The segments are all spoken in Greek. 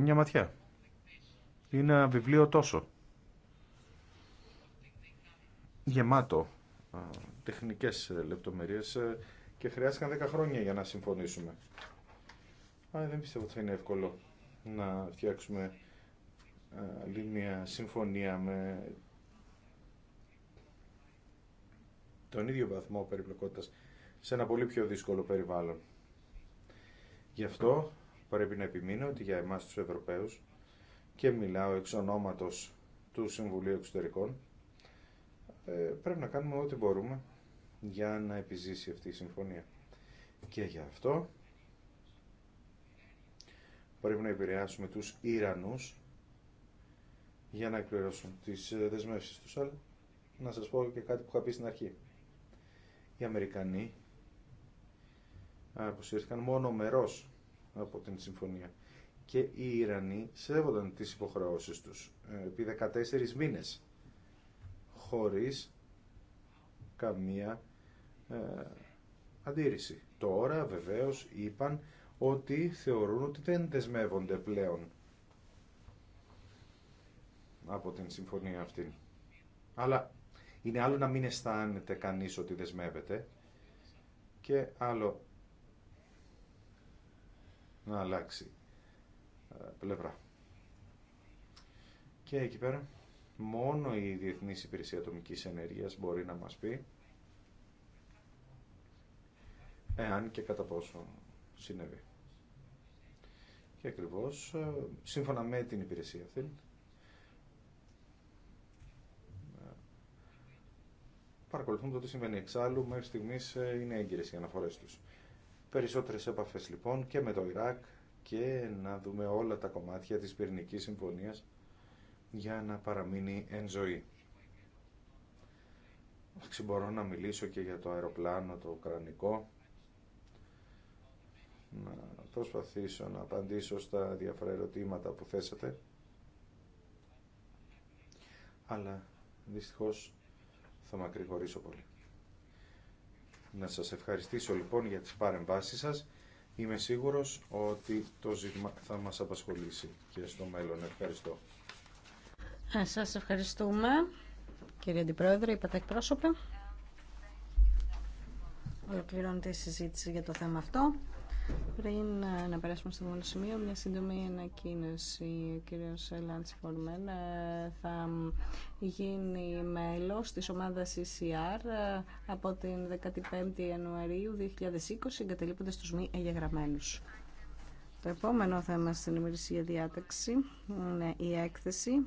μια ματιά. Είναι ένα βιβλίο τόσο. Γεμάτο τεχνικές ε, λεπτομέρειες ε, και χρειάστηκαν 10 χρόνια για να συμφωνήσουμε. Αλλά δεν πιστεύω ότι θα είναι εύκολο να φτιάξουμε άλλη μια συμφωνία με τον ίδιο βαθμό περιπλοκότητας σε ένα πολύ πιο δύσκολο περιβάλλον. Γι' αυτό Πρέπει να επιμείνω ότι για εμάς τους Ευρωπαίους και μιλάω εξ ονόματος του Συμβουλίου Εξωτερικών ε, πρέπει να κάνουμε ό,τι μπορούμε για να επιζήσει αυτή η συμφωνία. Και γι' αυτό πρέπει να επηρεάσουμε τους Ιρανούς για να εκπληρώσουν τις ε, δεσμεύσεις τους. Αλλά να σας πω και κάτι που είχα πει στην αρχή. Οι Αμερικανοί αποσύρθηκαν μόνο μερός από την συμφωνία. Και οι Ιρανοί σέβονταν τις υποχρεώσεις τους ε, επί 14 μήνες χωρίς καμία ε, αντίρρηση. Τώρα βεβαίως είπαν ότι θεωρούν ότι δεν δεσμεύονται πλέον από την συμφωνία αυτή. Αλλά είναι άλλο να μην αισθάνεται κανείς ότι δεσμεύεται και άλλο να αλλάξει ε, πλευρά. Και εκεί πέρα μόνο η Διεθνής Υπηρεσία Ατομικής Ενέργειας μπορεί να μας πει εάν και κατά πόσο συνέβη. Και ακριβώς, ε, σύμφωνα με την υπηρεσία αυτή, ε, παρακολουθούμε το τι συμβαίνει. Εξάλλου, μέχρι στιγμής είναι έγκυρες οι αναφορές τους. Περισσότερες επαφές λοιπόν και με το Ιράκ και να δούμε όλα τα κομμάτια της πυρηνικής συμφωνίας για να παραμείνει εν ζωή. Μπορώ να μιλήσω και για το αεροπλάνο, το ουκρανικό. Να προσπαθήσω να απαντήσω στα διάφορα ερωτήματα που θέσατε. Αλλά δυστυχώς θα μακρηγορήσω πολύ. Να σας ευχαριστήσω λοιπόν για τις παρεμβάσεις σας. Είμαι σίγουρος ότι το ζήτημα θα μας απασχολήσει και στο μέλλον. Ευχαριστώ. Ε, σας ευχαριστούμε. Κύριε Αντιπρόεδρε, είπατε εκπρόσωπε. Ολοκληρώνεται η συζήτηση για το θέμα αυτό. Πριν ε, να περάσουμε στο επόμενο σημείο, μια σύντομη ανακοίνωση. Ο κύριος Λάντς Φορμέν ε, θα γίνει μέλο τη ομάδας ECR ε, από την 15η Ιανουαρίου 2020, εγκαταλείποντας τους μη εγγεγραμμένους. Το επόμενο θέμα στην ημερησία διάταξη είναι η έκθεση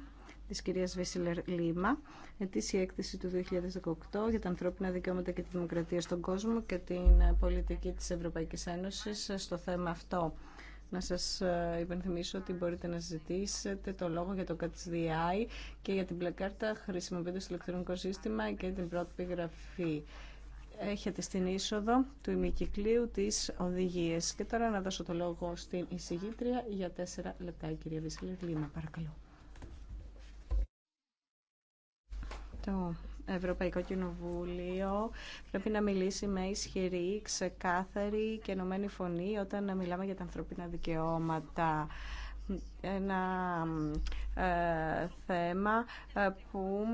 της κυρίας Βίσιλερ Λίμα, ετήσια έκθεση του 2018 για τα ανθρώπινα δικαιώματα και τη δημοκρατία στον κόσμο και την ε, πολιτική της Ευρωπαϊκής Ένωσης ε, στο θέμα αυτό. Να σας ε, υπενθυμίσω ότι μπορείτε να ζητήσετε το λόγο για το CATSDI και για την πλακάρτα χρησιμοποιώντα το ηλεκτρονικό σύστημα και την πρώτη γραφή. Έχετε στην είσοδο του ημικυκλίου τις οδηγίε. Και τώρα να δώσω το λόγο στην εισηγήτρια για τέσσερα λεπτά. κυρία Βίσελη Λίμα, παρακαλώ. Το Ευρωπαϊκό Κοινοβούλιο πρέπει να μιλήσει με ισχυρή, ξεκάθαρη και ενωμένη φωνή όταν μιλάμε για τα ανθρωπίνα δικαιώματα ένα ε, θέμα ε, που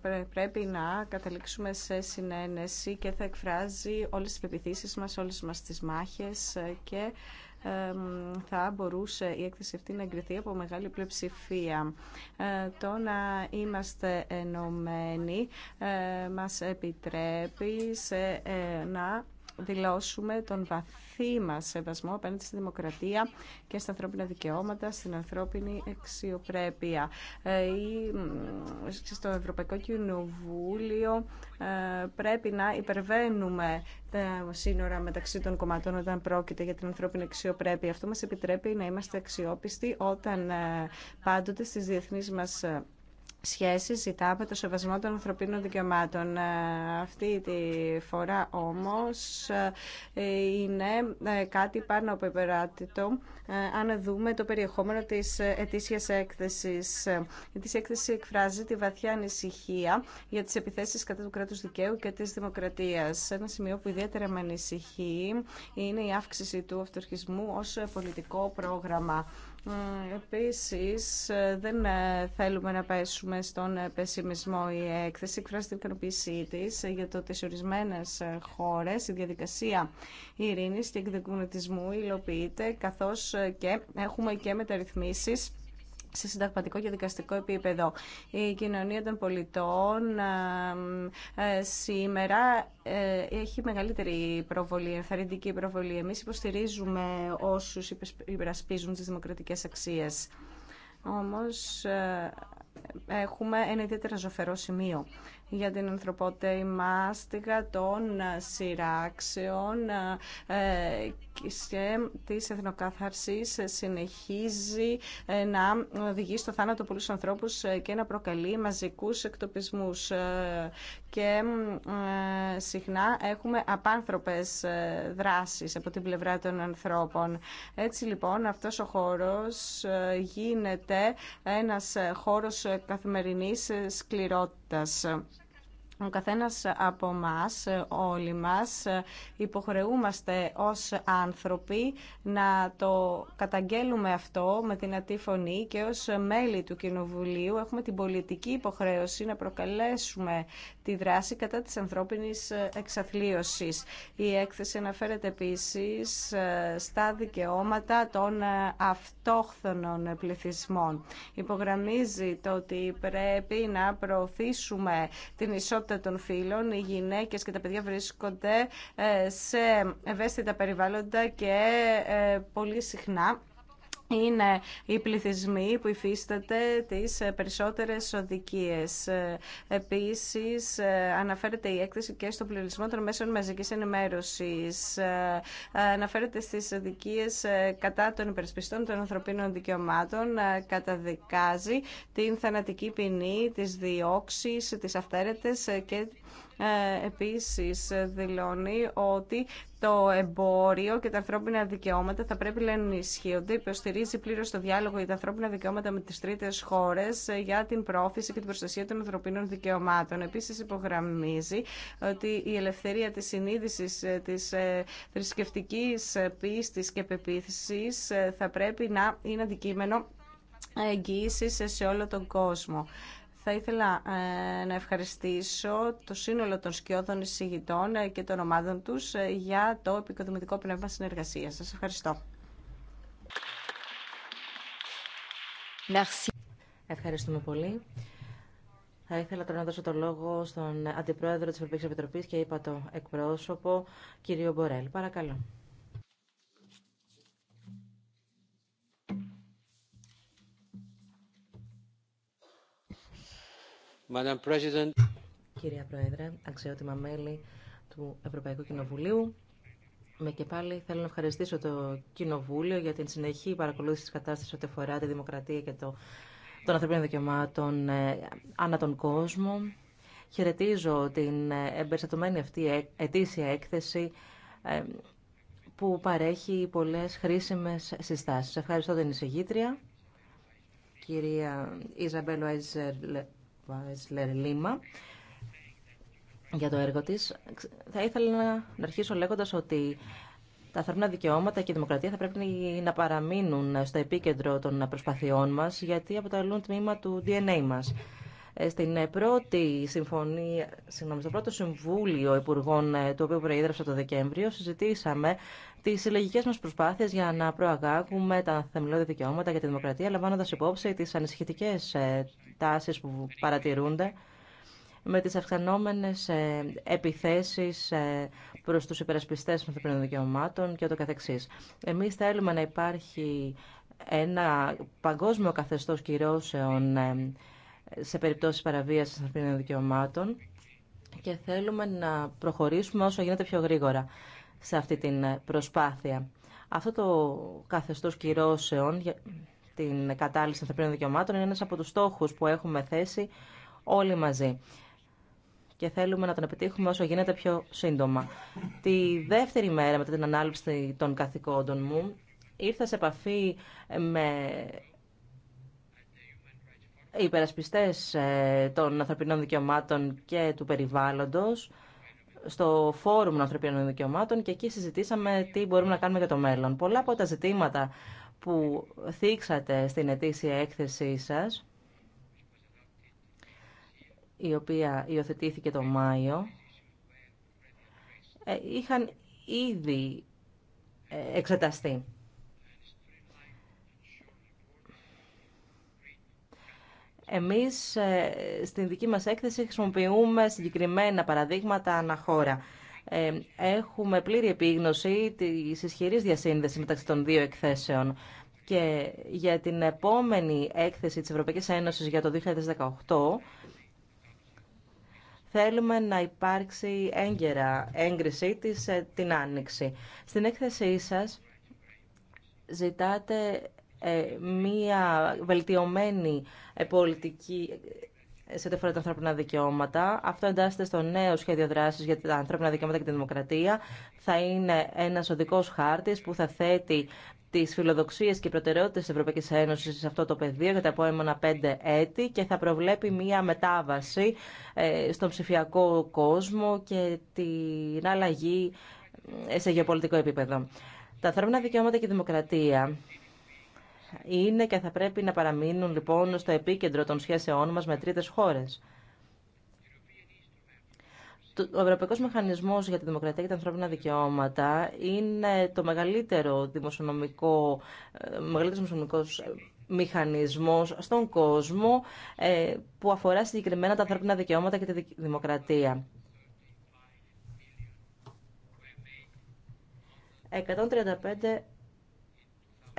ε, πρέπει να καταλήξουμε σε συνένεση και θα εκφράζει όλες τις πεπιθήσεις μας, όλες μας τις μάχες και θα μπορούσε η έκθεση αυτή να εγκριθεί από μεγάλη πλειοψηφία. Ε, το να είμαστε ενωμένοι ε, μας επιτρέπει σε ε, να δηλώσουμε τον βαθύ μας σεβασμό απέναντι στη δημοκρατία και στα ανθρώπινα δικαιώματα, στην ανθρώπινη αξιοπρέπεια. Ε, στο Ευρωπαϊκό Κοινοβούλιο ε, πρέπει να υπερβαίνουμε τα σύνορα μεταξύ των κομμάτων όταν πρόκειται για την ανθρώπινη αξιοπρέπεια. Αυτό μας επιτρέπει να είμαστε αξιόπιστοι όταν ε, πάντοτε στις διεθνείς μας σχέση ζητάμε το σεβασμό των ανθρωπίνων δικαιωμάτων. Ε, αυτή τη φορά όμως ε, είναι ε, κάτι πάνω από υπεράτητο αν δούμε το περιεχόμενο της ετήσιας έκθεσης. Η ετήσια έκθεση εκφράζει τη βαθιά ανησυχία για τις επιθέσεις κατά του κράτους δικαίου και της δημοκρατίας. Ένα σημείο που ιδιαίτερα με ανησυχεί είναι η αύξηση του αυτορχισμού ως πολιτικό πρόγραμμα. Ε, επίσης, ε, δεν ε, θέλουμε να πέσουμε στον πεσιμισμό η έκθεση. Εκφράζει την ικανοποίησή τη για το ότι σε ορισμένε χώρε η διαδικασία ειρήνη και εκδικονοτισμού υλοποιείται, καθώ και έχουμε και μεταρρυθμίσει σε συνταγματικό και δικαστικό επίπεδο. Η κοινωνία των πολιτών ε, σήμερα ε, έχει μεγαλύτερη προβολή, ενθαρρυντική προβολή. Εμείς υποστηρίζουμε όσους υπερασπίζουν τις δημοκρατικές αξίες. Όμως ε, έχουμε ένα ιδιαίτερα ζωφερό σημείο για την ανθρωπότητα η μάστιγα των σειράξεων ε, και της εθνοκάθαρσης συνεχίζει ε, να οδηγεί στο θάνατο πολλούς ανθρώπους ε, και να προκαλεί μαζικούς εκτοπισμούς και συχνά έχουμε απάνθρωπες δράσεις από την πλευρά των ανθρώπων. Έτσι λοιπόν αυτός ο χώρος γίνεται ένας χώρος καθημερινής σκληρότητας tässä ο καθένας από μας, όλοι μας, υποχρεούμαστε ως άνθρωποι να το καταγγέλουμε αυτό με την φωνή και ως μέλη του Κοινοβουλίου έχουμε την πολιτική υποχρέωση να προκαλέσουμε τη δράση κατά της ανθρώπινης εξαθλίωσης. Η έκθεση αναφέρεται επίσης ε, στα δικαιώματα των ε, αυτόχθονων πληθυσμών. Υπογραμμίζει το ότι πρέπει να προωθήσουμε την ισότητα των φίλων. Οι γυναίκες και τα παιδιά βρίσκονται ε, σε ευαίσθητα περιβάλλοντα και ε, πολύ συχνά είναι οι πληθυσμοί που υφίσταται τις ε, περισσότερες οδικίες. Ε, επίσης, ε, αναφέρεται η έκθεση και στο πληρισμό των μέσων μαζικής ενημέρωσης. Αναφέρεται στις οδικίες κατά των υπερσπιστών των ανθρωπίνων δικαιωμάτων. Καταδικάζει την θανατική ποινή, τις διώξεις, τις αυθαίρετες και ε, επίσης δηλώνει ότι το εμπόριο και τα ανθρώπινα δικαιώματα θα πρέπει να ενισχύονται. Υποστηρίζει πλήρω το διάλογο για τα ανθρώπινα δικαιώματα με τι τρίτε χώρε ε, για την πρόθεση και την προστασία των ανθρωπίνων δικαιωμάτων. Επίση, υπογραμμίζει ότι η ελευθερία τη συνείδηση, ε, τη θρησκευτική πίστη και πεποίθηση θα πρέπει να είναι αντικείμενο εγγύηση σε όλο τον κόσμο. Θα ήθελα ε, να ευχαριστήσω το σύνολο των σκιώδων εισηγητών ε, και των ομάδων τους ε, για το επικοδομητικό πνεύμα συνεργασίας. Σας ευχαριστώ. Ευχαριστούμε πολύ. Θα ήθελα τώρα να δώσω το λόγο στον Αντιπρόεδρο της Ευρωπαϊκής Επιτροπής και είπα το εκπρόσωπο, κύριο Μπορέλ. Παρακαλώ. Κυρία Πρόεδρε, αξιότιμα μέλη του Ευρωπαϊκού Κοινοβουλίου, με και πάλι θέλω να ευχαριστήσω το Κοινοβούλιο για την συνεχή παρακολούθηση της κατάστασης ό,τι αφορά τη δημοκρατία και το, των ανθρωπίνων δικαιωμάτων ε, ανά τον κόσμο. Χαιρετίζω την εμπεριστατωμένη αυτή ετήσια έκθεση ε, που παρέχει πολλές χρήσιμες συστάσεις. Ευχαριστώ την εισηγήτρια, κυρία Ιζαμπέλο Άιζερ Βάισλερ Λίμα για το έργο της. Θα ήθελα να αρχίσω λέγοντας ότι τα ανθρώπινα δικαιώματα και η δημοκρατία θα πρέπει να παραμείνουν στο επίκεντρο των προσπαθειών μας γιατί αποτελούν τμήμα του DNA μας. Στην ε, πρώτη συμφωνία, συγγνώμη, στο πρώτο Συμβούλιο Υπουργών, ε, το οποίο προείδρευσα το Δεκέμβριο, συζητήσαμε τι συλλογικέ μα προσπάθειε για να προαγάγουμε τα θεμελιώδη δικαιώματα για τη δημοκρατία, λαμβάνοντα υπόψη τι ανησυχητικέ ε, τάσει που παρατηρούνται με τις αυξανόμενες επιθέσεις προς τους υπερασπιστές των ανθρωπίνων δικαιωμάτων και το καθεξής. Εμείς θέλουμε να υπάρχει ένα παγκόσμιο καθεστώς κυρώσεων σε περιπτώσεις παραβίασης ανθρωπίνων δικαιωμάτων και θέλουμε να προχωρήσουμε όσο γίνεται πιο γρήγορα σε αυτή την προσπάθεια. Αυτό το καθεστώς κυρώσεων για την κατάλυση ανθρωπίνων δικαιωμάτων είναι ένας από τους στόχους που έχουμε θέσει όλοι μαζί και θέλουμε να τον επιτύχουμε όσο γίνεται πιο σύντομα. Τη δεύτερη μέρα μετά την ανάληψη των καθηκόντων μου ήρθα σε επαφή με οι υπερασπιστές ε, των ανθρωπινών δικαιωμάτων και του περιβάλλοντος στο Φόρουμ των Ανθρωπίνων Δικαιωμάτων και εκεί συζητήσαμε τι μπορούμε να κάνουμε για το μέλλον. Πολλά από τα ζητήματα που θίξατε στην ετήσια έκθεσή σας, η οποία υιοθετήθηκε το Μάιο, ε, είχαν ήδη ε, εξεταστεί. Εμείς ε, στην δική μας έκθεση χρησιμοποιούμε συγκεκριμένα παραδείγματα αναχώρα. Ε, έχουμε πλήρη επίγνωση της ισχυρής διασύνδεσης μεταξύ των δύο εκθέσεων. Και για την επόμενη έκθεση της Ευρωπαϊκής Ένωσης για το 2018 θέλουμε να υπάρξει έγκαιρα έγκρισή της ε, την Άνοιξη. Στην έκθεσή σας ζητάτε ε, μία βελτιωμένη ε, πολιτική ε, σε ό,τι αφορά τα ανθρώπινα δικαιώματα. Αυτό εντάσσεται στο νέο σχέδιο δράση για τα ανθρώπινα δικαιώματα και τη δημοκρατία. Θα είναι ένα οδικό χάρτη που θα θέτει τι φιλοδοξίε και προτεραιότητε τη Ευρωπαϊκή Ένωση σε αυτό το πεδίο για τα επόμενα πέντε έτη και θα προβλέπει μία μετάβαση στον ψηφιακό κόσμο και την αλλαγή σε γεωπολιτικό επίπεδο. Τα ανθρώπινα δικαιώματα και η δημοκρατία είναι και θα πρέπει να παραμείνουν λοιπόν στο επίκεντρο των σχέσεών μας με τρίτες χώρες. Ο Ευρωπαϊκό Μηχανισμό για τη Δημοκρατία και τα Ανθρώπινα Δικαιώματα είναι το μεγαλύτερο δημοσιονομικό, ε, μεγαλύτερο δημοσιονομικός μηχανισμός στον κόσμο ε, που αφορά συγκεκριμένα τα ανθρώπινα δικαιώματα και τη δημοκρατία. 135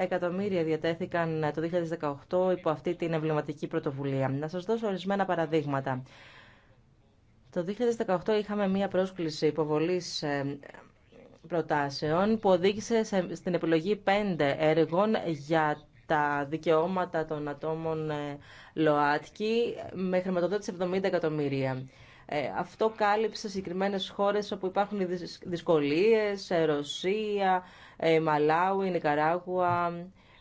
εκατομμύρια διατέθηκαν το 2018 υπό αυτή την εμβληματική πρωτοβουλία. Να σας δώσω ορισμένα παραδείγματα. Το 2018 είχαμε μία πρόσκληση υποβολής ε, προτάσεων που οδήγησε στην επιλογή πέντε έργων για τα δικαιώματα των ατόμων ε, ΛΟΑΤΚΙ με χρηματοδότηση 70 εκατομμύρια. Ε, αυτό κάλυψε συγκεκριμένες χώρες όπου υπάρχουν δυσκολίες, Ρωσία, ε, Μαλάου, Νικαράγουα,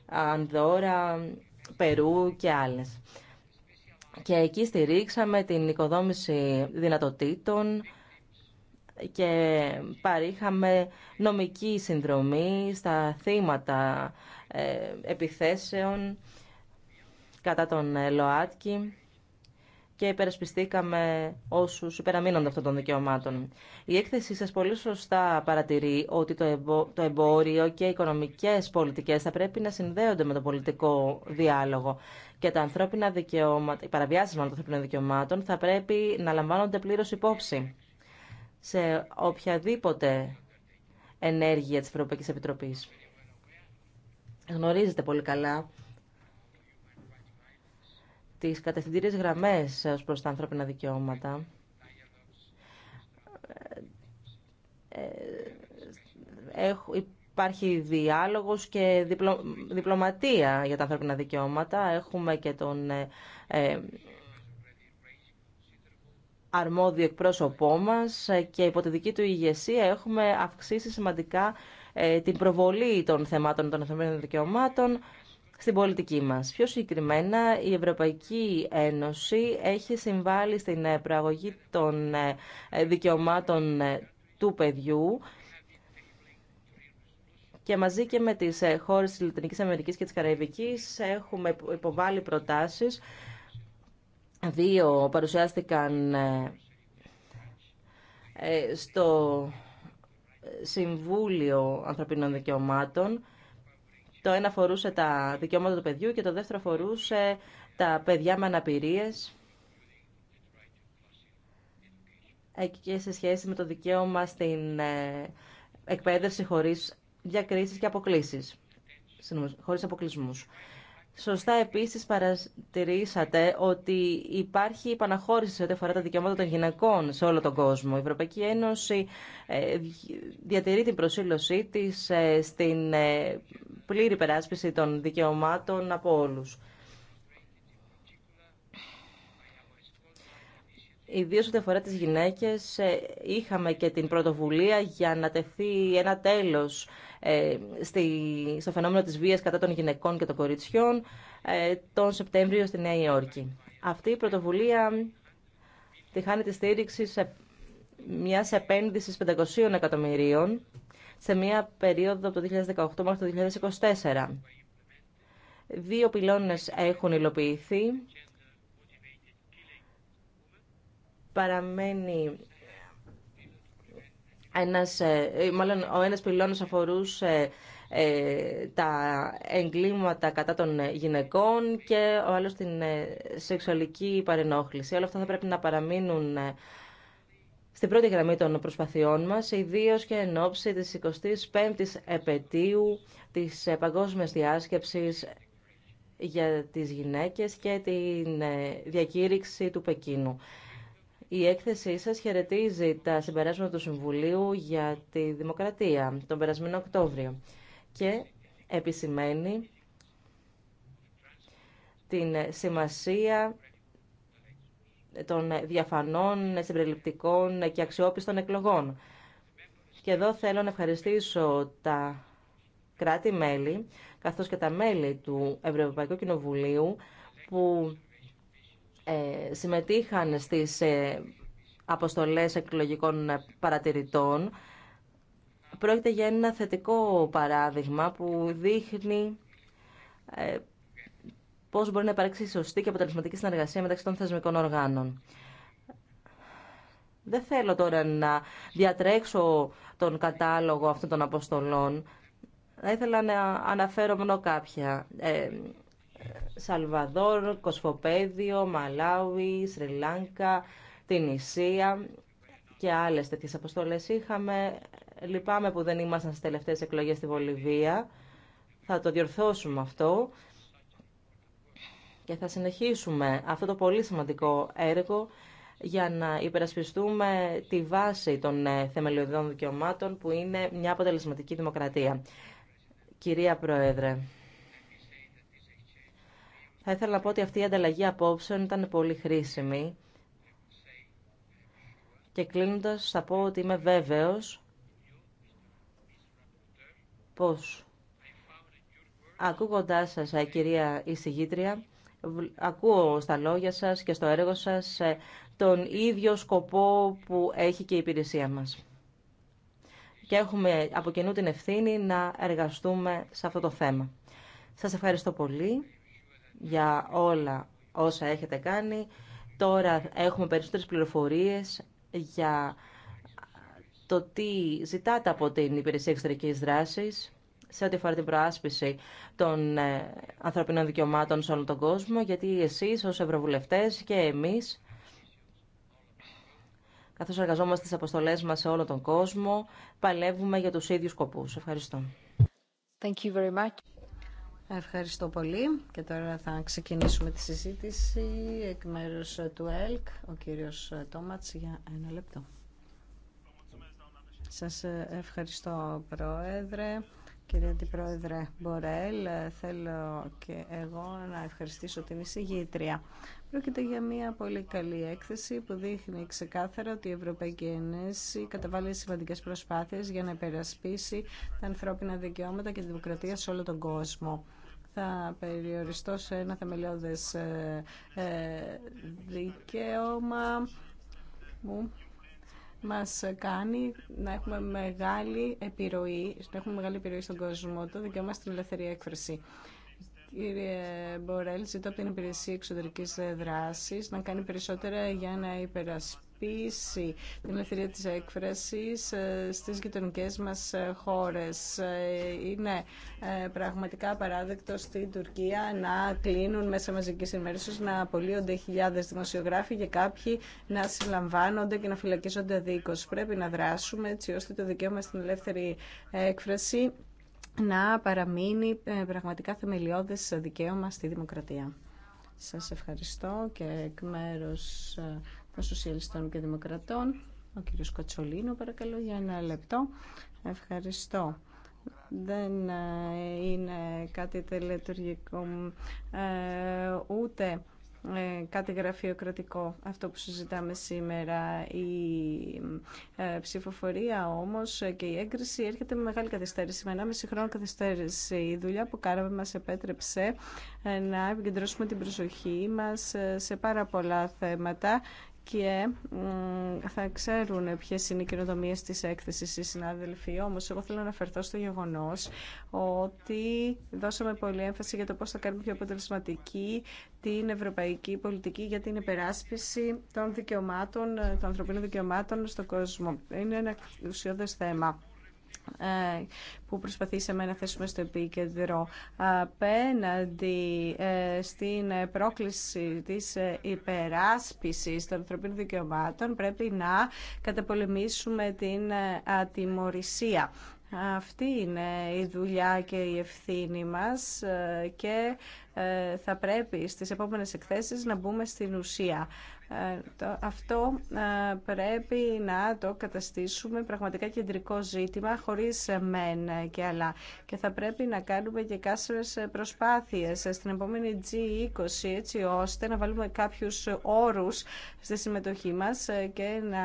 Ανδόρα, Περού και άλλες. Και εκεί στηρίξαμε την οικοδόμηση δυνατοτήτων και παρήχαμε νομική συνδρομή στα θύματα ε, επιθέσεων κατά τον ΛΟΑΤΚΙ και υπερασπιστήκαμε όσους υπεραμείνονται αυτών των δικαιωμάτων. Η έκθεσή σας πολύ σωστά παρατηρεί ότι το εμπόριο και οι οικονομικές πολιτικές θα πρέπει να συνδέονται με το πολιτικό διάλογο και τα ανθρώπινα δικαιώματα, οι παραβιάσεις των ανθρώπινων δικαιωμάτων θα πρέπει να λαμβάνονται πλήρως υπόψη σε οποιαδήποτε ενέργεια της Ευρωπαϊκής Επιτροπής. Γνωρίζετε πολύ καλά τις κατευθυντήριες γραμμές ως προς τα ανθρώπινα δικαιώματα ε, ε, υπάρχει διάλογος και διπλωματία για τα ανθρώπινα δικαιώματα. Έχουμε και τον ε, αρμόδιο εκπρόσωπό μας και υπό τη δική του ηγεσία έχουμε αυξήσει σημαντικά την προβολή των θεμάτων των ανθρωπίνων δικαιωμάτων στην πολιτική μας. Πιο συγκεκριμένα, η Ευρωπαϊκή Ένωση έχει συμβάλει στην ε, προαγωγή των ε, ε, δικαιωμάτων του παιδιού και μαζί και με τις χώρες της Λατινικής Αμερικής και της Καραϊβικής έχουμε υποβάλει προτάσεις. Δύο παρουσιάστηκαν στο Συμβούλιο Ανθρωπίνων Δικαιωμάτων το ένα αφορούσε τα δικαιώματα του παιδιού και το δεύτερο αφορούσε τα παιδιά με αναπηρίες ε, και σε σχέση με το δικαίωμα στην ε, εκπαίδευση χωρίς διακρίσεις και αποκλήσεις, χωρίς αποκλεισμούς. Σωστά επίσης παρατηρήσατε ότι υπάρχει επαναχώρηση σε ό,τι αφορά τα δικαιώματα των γυναικών σε όλο τον κόσμο. Η Ευρωπαϊκή Ένωση ε, διατηρεί την προσήλωσή της ε, στην ε, πλήρη περάσπιση των δικαιωμάτων από όλους. Ιδίω ό,τι αφορά τι γυναίκε ε, είχαμε και την πρωτοβουλία για να τεθεί ένα τέλος ε, στο φαινόμενο της βία κατά των γυναικών και των κοριτσιών ε, τον Σεπτέμβριο στη Νέα Υόρκη. Αυτή η πρωτοβουλία τη χάνει τη στήριξη σε μιας επένδυσης 500 εκατομμυρίων σε μια περίοδο από το 2018 μέχρι το 2024. Δύο πυλώνες έχουν υλοποιηθεί παραμένει ένας, ε, μάλλον ο ένας πυλώνας αφορούσε ε, ε, τα εγκλήματα κατά των γυναικών και ο άλλος την σεξουαλική παρενόχληση. Όλα αυτά θα πρέπει να παραμείνουν στην πρώτη γραμμή των προσπαθειών μας, ιδίως και εν ώψη της 25ης επαιτίου της Παγκόσμιας Διάσκεψης για τις γυναίκες και την διακήρυξη του Πεκίνου. Η έκθεσή σα χαιρετίζει τα συμπεράσματα του Συμβουλίου για τη Δημοκρατία τον περασμένο Οκτώβριο και επισημαίνει την σημασία των διαφανών, συμπεριληπτικών και αξιόπιστων εκλογών. Και εδώ θέλω να ευχαριστήσω τα κράτη-μέλη, καθώς και τα μέλη του Ευρωπαϊκού Κοινοβουλίου, που ε, συμμετείχαν στις ε, αποστολές εκλογικών παρατηρητών. Πρόκειται για ένα θετικό παράδειγμα που δείχνει ε, πώς μπορεί να υπάρξει σωστή και αποτελεσματική συνεργασία μεταξύ των θεσμικών οργάνων. Δεν θέλω τώρα να διατρέξω τον κατάλογο αυτών των αποστολών. Θα ήθελα να αναφέρω μόνο κάποια. Σαλβαδόρ, Κοσφοπέδιο, Μαλάουι, Σρι την Ισία και άλλες τέτοιε αποστολέ είχαμε. Λυπάμαι που δεν ήμασταν στι τελευταίε εκλογές στη Βολιβία. Θα το διορθώσουμε αυτό και θα συνεχίσουμε αυτό το πολύ σημαντικό έργο για να υπερασπιστούμε τη βάση των ε, θεμελιωδών δικαιωμάτων που είναι μια αποτελεσματική δημοκρατία. Κυρία Πρόεδρε, θα ήθελα να πω ότι αυτή η ανταλλαγή απόψεων ήταν πολύ χρήσιμη. Και κλείνοντας θα πω ότι είμαι βέβαιος πως ακούγοντάς σας, ε, κυρία εισηγήτρια, ακούω στα λόγια σας και στο έργο σας ε, τον ίδιο σκοπό που έχει και η υπηρεσία μας. Και έχουμε από κοινού την ευθύνη να εργαστούμε σε αυτό το θέμα. Σας ευχαριστώ πολύ για όλα όσα έχετε κάνει. Τώρα έχουμε περισσότερες πληροφορίες για το τι ζητάτε από την Υπηρεσία εξωτερική δράση σε ό,τι αφορά την προάσπιση των ε, ανθρωπινών δικαιωμάτων σε όλο τον κόσμο, γιατί εσείς ως Ευρωβουλευτές και εμείς, καθώς εργαζόμαστε στις αποστολές μας σε όλο τον κόσμο, παλεύουμε για τους ίδιους σκοπούς. Ευχαριστώ. Thank you Ευχαριστώ πολύ και τώρα θα ξεκινήσουμε τη συζήτηση εκ μέρους του ΕΛΚ, ο κύριος Τόματς για ένα λεπτό. Σας ευχαριστώ Πρόεδρε. Κύριε Αντιπρόεδρε Μπορέλ, θέλω και εγώ να ευχαριστήσω την εισηγήτρια. Πρόκειται για μια πολύ καλή έκθεση που δείχνει ξεκάθαρα ότι η Ευρωπαϊκή Ένωση καταβάλει σημαντικέ προσπάθειε για να υπερασπίσει τα ανθρώπινα δικαιώματα και τη δημοκρατία σε όλο τον κόσμο θα περιοριστώ σε ένα θεμελιώδες ε, ε, δικαίωμα που μας κάνει να έχουμε μεγάλη επιρροή, να έχουμε μεγάλη επιρροή στον κόσμο, το δικαίωμα στην ελεύθερη έκφραση. Κύριε Μπορέλ, ζητώ από την Υπηρεσία Εξωτερικής Δράσης να κάνει περισσότερα για να υπερασπίσει χρησιμοποιήσει την ελευθερία της έκφρασης ε, στις γειτονικέ μας ε, χώρες. Ε, είναι πραγματικά παράδεκτο στην Τουρκία να κλείνουν μέσα μαζικής ενημέρωσης, να απολύονται χιλιάδες δημοσιογράφοι και κάποιοι να συλλαμβάνονται και να φυλακίζονται δίκως. Πρέπει να δράσουμε έτσι ώστε το δικαίωμα στην ελεύθερη έκφραση να παραμείνει πραγματικά θεμελιώδες δικαίωμα στη δημοκρατία. Σας ευχαριστώ και εκ μέρους των Σοσιαλιστών και Δημοκρατών. Ο κύριο Κοτσολίνο, παρακαλώ, για ένα λεπτό. Ευχαριστώ. Δεν ε, είναι κάτι τελετουργικό, ε, ούτε ε, κάτι γραφειοκρατικό αυτό που συζητάμε σήμερα. Η ψηφοφορία όμως και η έγκριση έρχεται με μεγάλη καθυστέρηση, με 1,5 χρόνο καθυστέρηση. Η δουλειά που κάναμε μας επέτρεψε να επικεντρώσουμε την προσοχή μας σε πάρα πολλά θέματα και θα ξέρουν ποιε είναι οι κοινοτομίε τη έκθεση οι συνάδελφοι. όμω εγώ θέλω να αναφερθώ στο γεγονός ότι δώσαμε πολύ έμφαση για το πώ θα κάνουμε πιο αποτελεσματική την ευρωπαϊκή πολιτική για την υπεράσπιση των δικαιωμάτων, των ανθρωπίνων δικαιωμάτων στον κόσμο. Είναι ένα ουσιώδε θέμα. Ε, που προσπαθήσαμε να θέσουμε στο επίκεντρο απέναντι ε, στην πρόκληση της ε, υπεράσπισης των ανθρωπίνων δικαιωμάτων πρέπει να καταπολεμήσουμε την ατιμορρησία. Αυτή είναι η δουλειά και η ευθύνη μας και θα πρέπει στις επόμενες εκθέσεις να μπούμε στην ουσία. Ε, αυτό ε, πρέπει να το καταστήσουμε πραγματικά κεντρικό ζήτημα χωρίς μεν και αλλά. Και θα πρέπει να κάνουμε και κάσσερες προσπάθειες στην επόμενη G20 έτσι ώστε να βάλουμε κάποιους όρους στη συμμετοχή μας και να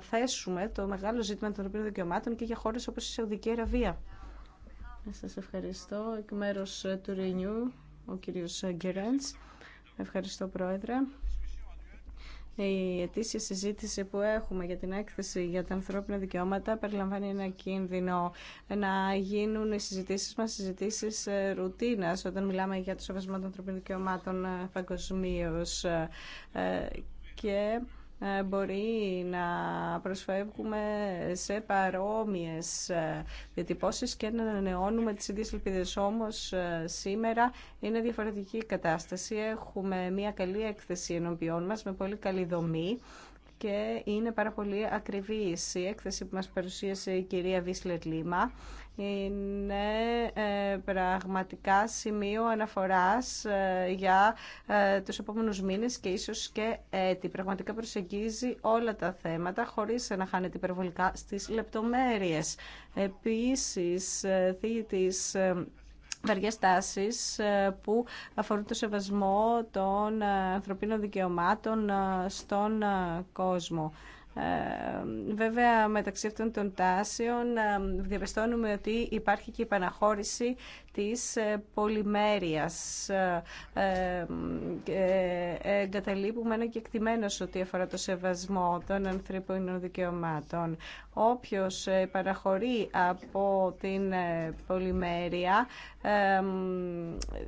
θέσουμε το μεγάλο ζήτημα των ευρωπαϊκών δικαιωμάτων και για χώρες όπως η Σαουδική Αραβία. Σας ευχαριστώ. Εκ μέρους του Renew, ο κύριος Γκερέντς. Ευχαριστώ, Πρόεδρε. Η ετήσια συζήτηση που έχουμε για την έκθεση για τα ανθρώπινα δικαιώματα περιλαμβάνει ένα κίνδυνο να γίνουν οι συζητήσεις μας συζητήσεις ε, ρουτίνας όταν μιλάμε για το σεβασμό των ανθρώπινων δικαιωμάτων ε, παγκοσμίω. Ε, και ε, μπορεί να προσφεύγουμε σε παρόμοιες ε, διατυπώσεις και να ανανεώνουμε τις ίδιες ελπίδες. Όμως ε, σήμερα είναι διαφορετική κατάσταση. Έχουμε μια καλή έκθεση ενώπιών μας με πολύ καλή δομή και είναι πάρα πολύ ακριβή. η έκθεση που μας παρουσίασε η κυρία Βίσλερ Λίμα είναι ε, πραγματικά σημείο αναφοράς ε, για ε, τους επόμενους μήνες και ίσως και έτη. Πραγματικά προσεγγίζει όλα τα θέματα χωρίς να χάνεται υπερβολικά στις λεπτομέρειες. Επίσης, θήτης βαριές τάσεις που αφορούν το σεβασμό των ανθρωπίνων δικαιωμάτων στον κόσμο. Ε, βέβαια μεταξύ αυτών των τάσεων ε, διαπιστώνουμε ότι υπάρχει και η παναχώρηση της ε, πολυμέρειας. Εγκαταλείπουμε ένα κεκτημένο ότι αφορά το σεβασμό των ανθρώπινων δικαιωμάτων. Όποιος παραχωρεί από την πολυμέρεια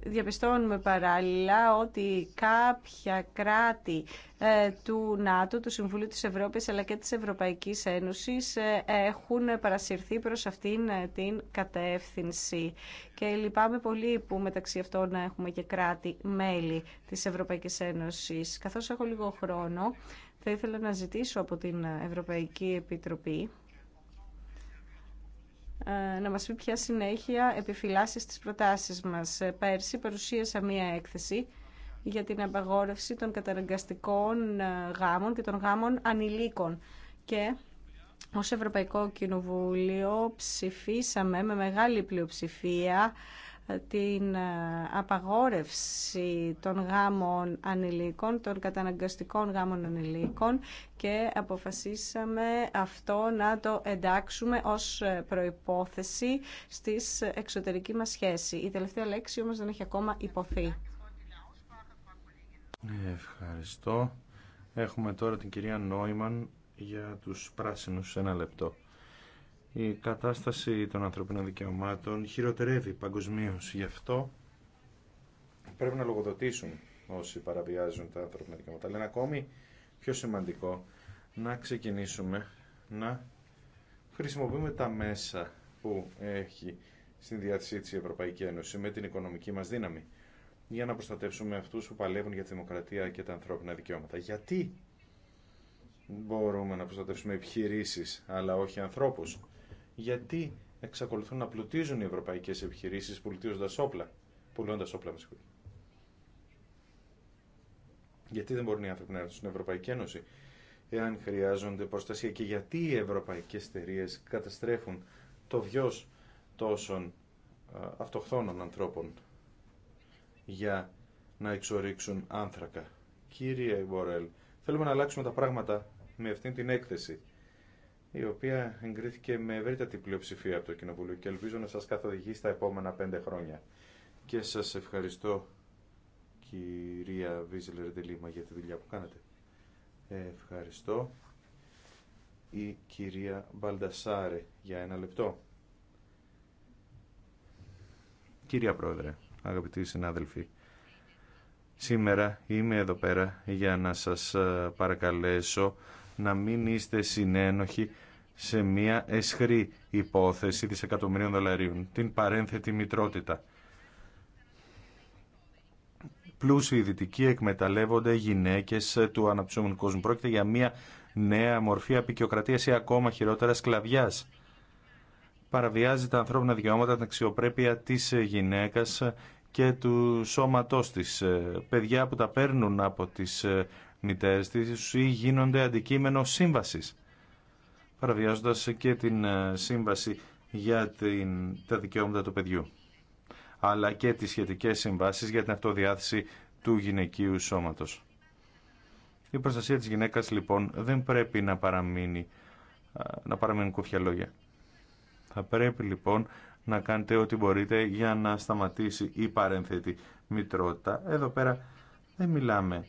διαπιστώνουμε παράλληλα ότι κάποια κράτη του ΝΑΤΟ, του Συμβουλίου της Ευρώπης αλλά και της Ευρωπαϊκής Ένωσης ε, έχουν παρασυρθεί προς αυτήν ε, την κατεύθυνση. Και λυπάμαι πολύ που μεταξύ αυτών έχουμε και κράτη μέλη της Ευρωπαϊκής Ένωσης. Καθώς έχω λίγο χρόνο, θα ήθελα να ζητήσω από την Ευρωπαϊκή Επιτροπή ε, να μας πει ποια συνέχεια επιφυλάσσει στις προτάσεις μας. Πέρσι παρουσίασα μία έκθεση για την απαγόρευση των καταναγκαστικών ε, γάμων και των γάμων ανηλίκων. Και ως Ευρωπαϊκό Κοινοβούλιο ψηφίσαμε με μεγάλη πλειοψηφία ε, την ε, απαγόρευση των γάμων ανηλίκων, των καταναγκαστικών γάμων ανηλίκων και αποφασίσαμε αυτό να το εντάξουμε ως προϋπόθεση στις εξωτερική μας σχέση. Η τελευταία λέξη όμως δεν έχει ακόμα υποθεί. Ευχαριστώ. Έχουμε τώρα την κυρία Νόιμαν για τους πράσινους ένα λεπτό. Η κατάσταση των ανθρωπίνων δικαιωμάτων χειροτερεύει παγκοσμίω. Γι' αυτό πρέπει να λογοδοτήσουν όσοι παραβιάζουν τα ανθρώπινα δικαιώματα. Αλλά είναι ακόμη πιο σημαντικό να ξεκινήσουμε να χρησιμοποιούμε τα μέσα που έχει στην διάθεσή της Ευρωπαϊκή Ένωση με την οικονομική μας δύναμη για να προστατεύσουμε αυτούς που παλεύουν για τη δημοκρατία και τα ανθρώπινα δικαιώματα. Γιατί μπορούμε να προστατεύσουμε επιχειρήσεις αλλά όχι ανθρώπους. Γιατί εξακολουθούν να πλουτίζουν οι ευρωπαϊκές επιχειρήσεις πουλτίζοντας όπλα. Πουλώντας όπλα, με Γιατί δεν μπορούν οι άνθρωποι να έρθουν στην Ευρωπαϊκή Ένωση εάν χρειάζονται προστασία και γιατί οι ευρωπαϊκές εταιρείε καταστρέφουν το βιός τόσων ε, αυτοχθώνων ανθρώπων για να εξορίξουν άνθρακα. Κύριε Μπορέλ, θέλουμε να αλλάξουμε τα πράγματα με αυτήν την έκθεση, η οποία εγκρίθηκε με ευρύτατη πλειοψηφία από το Κοινοβούλιο και ελπίζω να σας καθοδηγεί στα επόμενα πέντε χρόνια. Και σας ευχαριστώ, κυρία Βίζελερ Ντελίμα, για τη δουλειά που κάνετε. Ευχαριστώ. Η κυρία Μπαλντασάρε για ένα λεπτό. Κυρία Πρόεδρε, αγαπητοί συνάδελφοι. Σήμερα είμαι εδώ πέρα για να σας ε, παρακαλέσω να μην είστε συνένοχοι σε μια εσχρή υπόθεση εκατομμυρίων δολαρίων, την παρένθετη μητρότητα. Πλούσιοι δυτικοί εκμεταλλεύονται γυναίκες του αναπτυσσόμενου κόσμου. Πρόκειται για μια νέα μορφή απεικιοκρατίας ή ακόμα χειρότερα σκλαβιάς παραβιάζει τα ανθρώπινα δικαιώματα, την αξιοπρέπεια της γυναίκας και του σώματός της. Ε, παιδιά που τα παίρνουν από τις ε, μητέρες της ή γίνονται αντικείμενο σύμβασης, παραβιάζοντας και την ε, σύμβαση για την, τα δικαιώματα του παιδιού, αλλά και τις σχετικές συμβάσεις για την αυτοδιάθεση του γυναικείου σώματος. Η προστασία της γυναίκας λοιπόν δεν πρέπει να παραμείνει να κούφια λόγια. Θα πρέπει λοιπόν να κάνετε ό,τι μπορείτε για να σταματήσει η παρένθετη μητρότητα. Εδώ πέρα δεν μιλάμε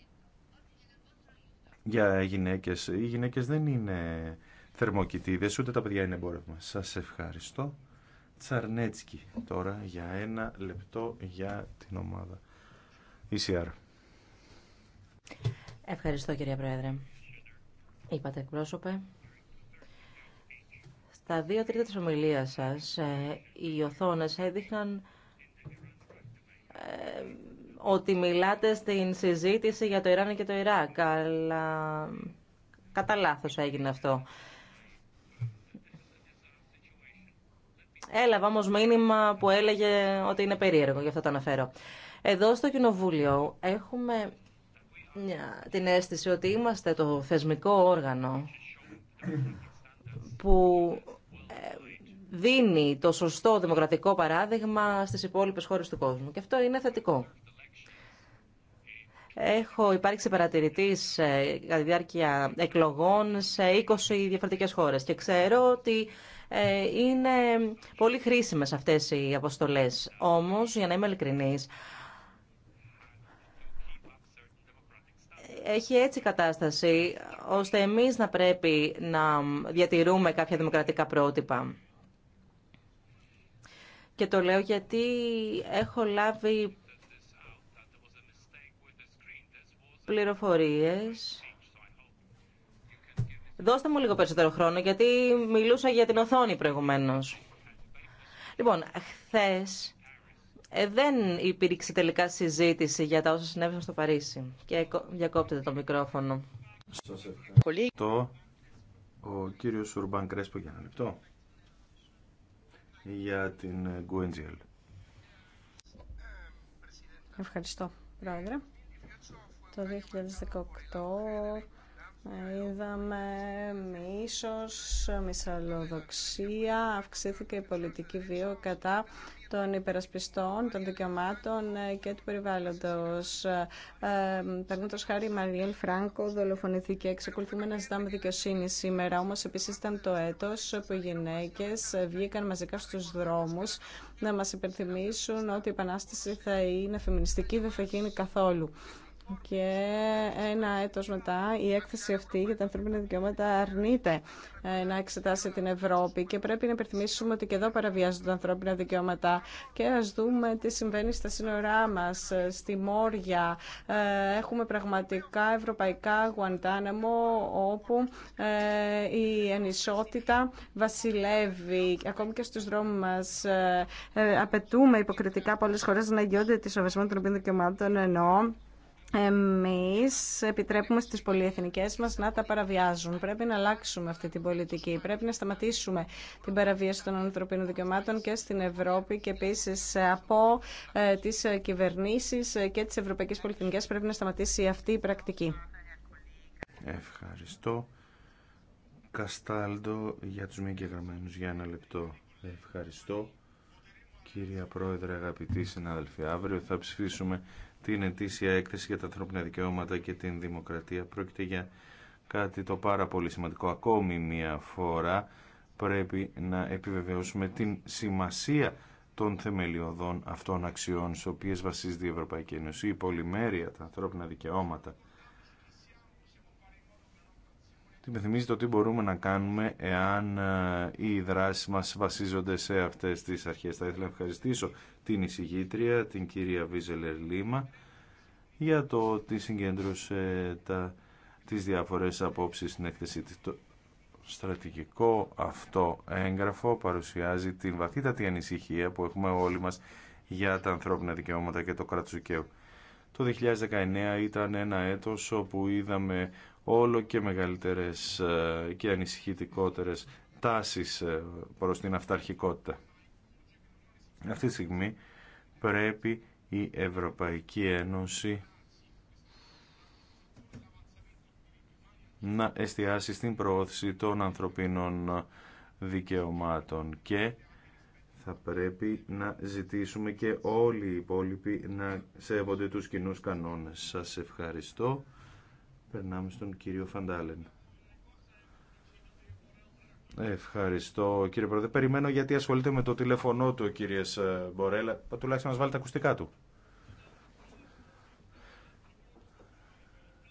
για γυναίκες. Οι γυναίκες δεν είναι θερμοκοιτίδες, ούτε τα παιδιά είναι εμπόρευμα. Σας ευχαριστώ. Τσαρνέτσκι τώρα για ένα λεπτό για την ομάδα. ECR. Ευχαριστώ κυρία Πρόεδρε. Είπατε εκπρόσωπε. Τα δύο τρίτα της ομιλίας σας, ε, οι οθόνες έδειχναν ε, ότι μιλάτε στην συζήτηση για το Ιράν και το Ιράκ, αλλά κατά λάθο έγινε αυτό. Έλαβα όμω μήνυμα που έλεγε ότι είναι περίεργο, γι' αυτό το αναφέρω. Εδώ στο Κοινοβούλιο έχουμε την αίσθηση ότι είμαστε το θεσμικό όργανο που ε, δίνει το σωστό δημοκρατικό παράδειγμα στις υπόλοιπες χώρες του κόσμου. Και αυτό είναι θετικό. Έχω υπάρξει παρατηρητή ε, κατά τη διάρκεια εκλογών σε 20 διαφορετικές χώρες και ξέρω ότι ε, είναι πολύ χρήσιμες αυτές οι αποστολές. Όμως, για να είμαι ειλικρινής, έχει έτσι κατάσταση, ώστε εμείς να πρέπει να διατηρούμε κάποια δημοκρατικά πρότυπα. Και το λέω γιατί έχω λάβει πληροφορίες. Δώστε μου λίγο περισσότερο χρόνο, γιατί μιλούσα για την οθόνη προηγουμένως. Λοιπόν, χθες ε, δεν υπήρξε τελικά συζήτηση για τα όσα συνέβησαν στο Παρίσι. Και διακόπτεται το μικρόφωνο. Σας ευχαριστώ. Ο κύριος Ουρμπάν Κρέσπο για ένα λεπτό. Για την ε, Γκουέντζιελ. Ευχαριστώ, Πρόεδρε. Το 2018 Είδαμε μίσος, μισαλοδοξία, αυξήθηκε η πολιτική βίω κατά των υπερασπιστών, των δικαιωμάτων ε, και του περιβάλλοντος. Ε, Παραδείγματο χάρη η Μαριέλ Φράγκο δολοφονηθήκε. Εξακολουθούμε να ζητάμε δικαιοσύνη σήμερα. Όμως επίσης ήταν το έτος που οι γυναίκες βγήκαν μαζικά στους δρόμους να μας υπενθυμίσουν ότι η Επανάσταση θα είναι φεμινιστική, δεν θα γίνει καθόλου. Και ένα έτος μετά η έκθεση αυτή για τα ανθρώπινα δικαιώματα αρνείται ε, να εξετάσει την Ευρώπη και πρέπει να υπενθυμίσουμε ότι και εδώ παραβιάζονται τα ανθρώπινα δικαιώματα και ας δούμε τι συμβαίνει στα σύνορά μας, ε, στη Μόρια. Ε, έχουμε πραγματικά ευρωπαϊκά Γουαντάναμο όπου η ανισότητα βασιλεύει. Ακόμη και στους δρόμους μας απαιτούμε υποκριτικά πολλές χώρες να γιώνται τη σοβασμό των ανθρώπινων δικαιωμάτων ενώ εμείς επιτρέπουμε στις πολυεθνικές μας να τα παραβιάζουν. Πρέπει να αλλάξουμε αυτή την πολιτική. Πρέπει να σταματήσουμε την παραβίαση των ανθρωπίνων δικαιωμάτων και στην Ευρώπη και επίσης από ε, τις κυβερνήσεις και τις ευρωπαϊκές πολυεθνικές πρέπει να σταματήσει αυτή η πρακτική. Ευχαριστώ. Καστάλντο για τους μη εγγεγραμμένους για ένα λεπτό. Ευχαριστώ. Κυρία Πρόεδρε, αγαπητοί συνάδελφοι, αύριο θα ψηφίσουμε την ετήσια έκθεση για τα ανθρώπινα δικαιώματα και την δημοκρατία. Πρόκειται για κάτι το πάρα πολύ σημαντικό. Ακόμη μία φορά πρέπει να επιβεβαιώσουμε την σημασία των θεμελιωδών αυτών αξιών στις οποίες βασίζεται η Ευρωπαϊκή Ένωση, η πολυμέρεια, τα ανθρώπινα δικαιώματα θυμίζει το τι μπορούμε να κάνουμε εάν ε, οι δράσεις μας βασίζονται σε αυτές τις αρχές. Θα ήθελα να ευχαριστήσω την εισηγήτρια, την κυρία Βίζελερ Λίμα, για το ότι συγκέντρωσε τα, τις διάφορες απόψεις στην έκθεσή της. Το στρατηγικό αυτό έγγραφο παρουσιάζει την βαθύτατη ανησυχία που έχουμε όλοι μας για τα ανθρώπινα δικαιώματα και το κράτος δικαίου. Το 2019 ήταν ένα έτος όπου είδαμε όλο και μεγαλύτερες ε, και ανησυχητικότερες τάσεις ε, προς την αυταρχικότητα. Αυτή τη στιγμή πρέπει η Ευρωπαϊκή Ένωση να εστιάσει στην προώθηση των ανθρωπίνων δικαιωμάτων και θα πρέπει να ζητήσουμε και όλοι οι υπόλοιποι να σέβονται τους κοινούς κανόνες. Σας ευχαριστώ. Περνάμε στον κύριο Φαντάλεν. Ευχαριστώ κύριε Πρόεδρε. Περιμένω γιατί ασχολείται με το τηλέφωνό του ο κύριος ε, Μπορέλα. Τουλάχιστον να βάλει τα ακουστικά του.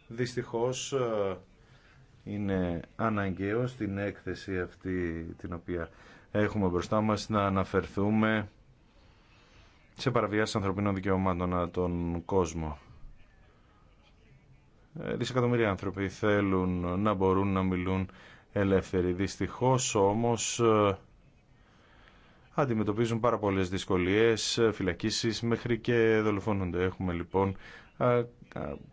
Δυστυχώς ε, είναι αναγκαίο στην έκθεση αυτή την οποία έχουμε μπροστά μας να αναφερθούμε σε παραβιάσεις ανθρωπίνων δικαιωμάτων τον κόσμο δισεκατομμύρια άνθρωποι θέλουν να μπορούν να μιλούν ελεύθεροι. Δυστυχώς όμως ε, αντιμετωπίζουν πάρα πολλές δυσκολίες, ε, φυλακίσεις μέχρι και δολοφονούνται. Έχουμε λοιπόν ε,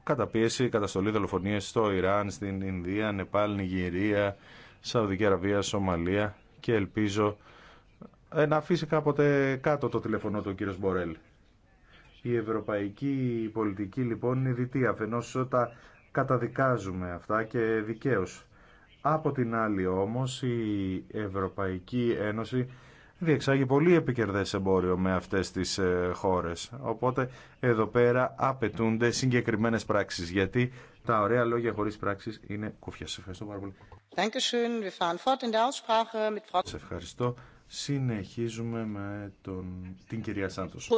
καταπίεση, καταστολή δολοφονίες στο Ιράν, στην Ινδία, Νεπάλ, Νιγηρία, Σαουδική Αραβία, Σομαλία και ελπίζω να αφήσει κάποτε κάτω το τηλεφωνό του ο κύριος Μπορέλ. Η ευρωπαϊκή πολιτική λοιπόν είναι δυτή. Αφενός καταδικάζουμε αυτά και δικαίως. Από την άλλη όμως η Ευρωπαϊκή Ένωση διεξάγει πολύ επικερδές εμπόριο με αυτές τις ε, χώρες. Οπότε εδώ πέρα απαιτούνται συγκεκριμένες πράξεις γιατί τα ωραία λόγια χωρίς πράξεις είναι κούφια. Σε ευχαριστώ πάρα πολύ. Σε ευχαριστώ. Συνεχίζουμε με τον... την κυρία Σάντος.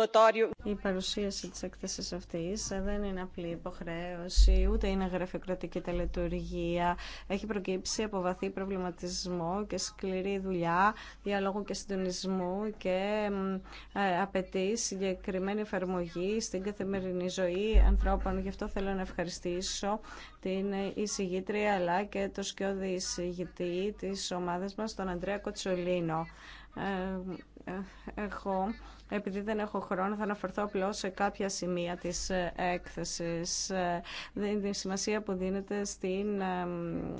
Η παρουσίαση της έκθεσης αυτής ε, δεν είναι απλή υποχρέωση, ούτε είναι γραφειοκρατική τελετουργία. Έχει προκύψει από βαθύ προβληματισμό και σκληρή δουλειά, διαλόγου και συντονισμού και ε, απαιτεί συγκεκριμένη εφαρμογή στην καθημερινή ζωή ανθρώπων. Γι' αυτό θέλω να ευχαριστήσω την εισηγήτρια αλλά και το σκιώδη εισηγητή της ομάδας μας, τον Αντρέα Κοτσολίνο εγώ ε, ε, επειδή δεν έχω χρόνο, θα αναφερθώ απλώ σε κάποια σημεία τη ε, έκθεση. η ε, σημασία που δίνεται στην,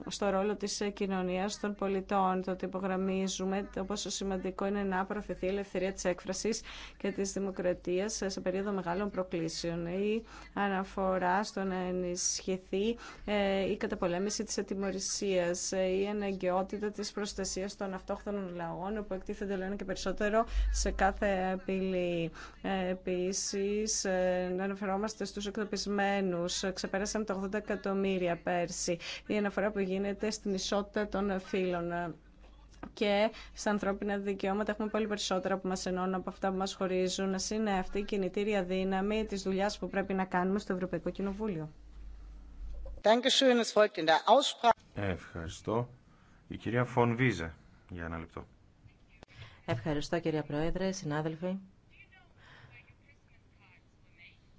στο ρόλο τη ε, κοινωνία των πολιτών, το ότι υπογραμμίζουμε το πόσο σημαντικό είναι να προωθηθεί η ελευθερία τη έκφραση και τη δημοκρατία σε περίοδο μεγάλων προκλήσεων. Η αναφορά στο να ενισχυθεί η καταπολέμηση τη ατιμορρησία, η αναγκαιότητα τη προστασία των αυτόχθων λαών που εκτίθενται, λένε και περισσότερο, σε κάθε πηγή. Επίση ε, Επίσης, ε, να αναφερόμαστε στου εκτοπισμένου. Ε, Ξεπέρασαμε τα 80 εκατομμύρια πέρσι. Η αναφορά που γίνεται στην ισότητα των φύλων και στα ανθρώπινα δικαιώματα έχουμε πολύ περισσότερα που μας ενώνουν από αυτά που μας χωρίζουν. Ας είναι αυτή η κινητήρια δύναμη τη δουλειά που πρέπει να κάνουμε στο Ευρωπαϊκό Κοινοβούλιο. Ευχαριστώ. Η κυρία Φον Βίζε, για ένα λεπτό. Ευχαριστώ κυρία Πρόεδρε, συνάδελφοι.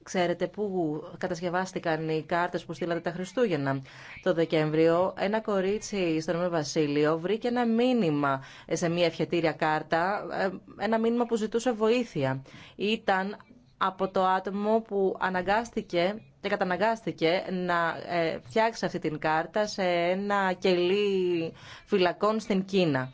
Ξέρετε πού κατασκευάστηκαν οι κάρτε που στείλατε τα Χριστούγεννα. Το Δεκέμβριο, ένα κορίτσι στον βασίλιο Βασίλειο βρήκε ένα μήνυμα σε μια ευχετήρια κάρτα, ε, ένα μήνυμα που ζητούσε βοήθεια. Ήταν από το άτομο που αναγκάστηκε και καταναγκάστηκε να ε, φτιάξει αυτή την κάρτα σε ένα κελί φυλακών στην Κίνα.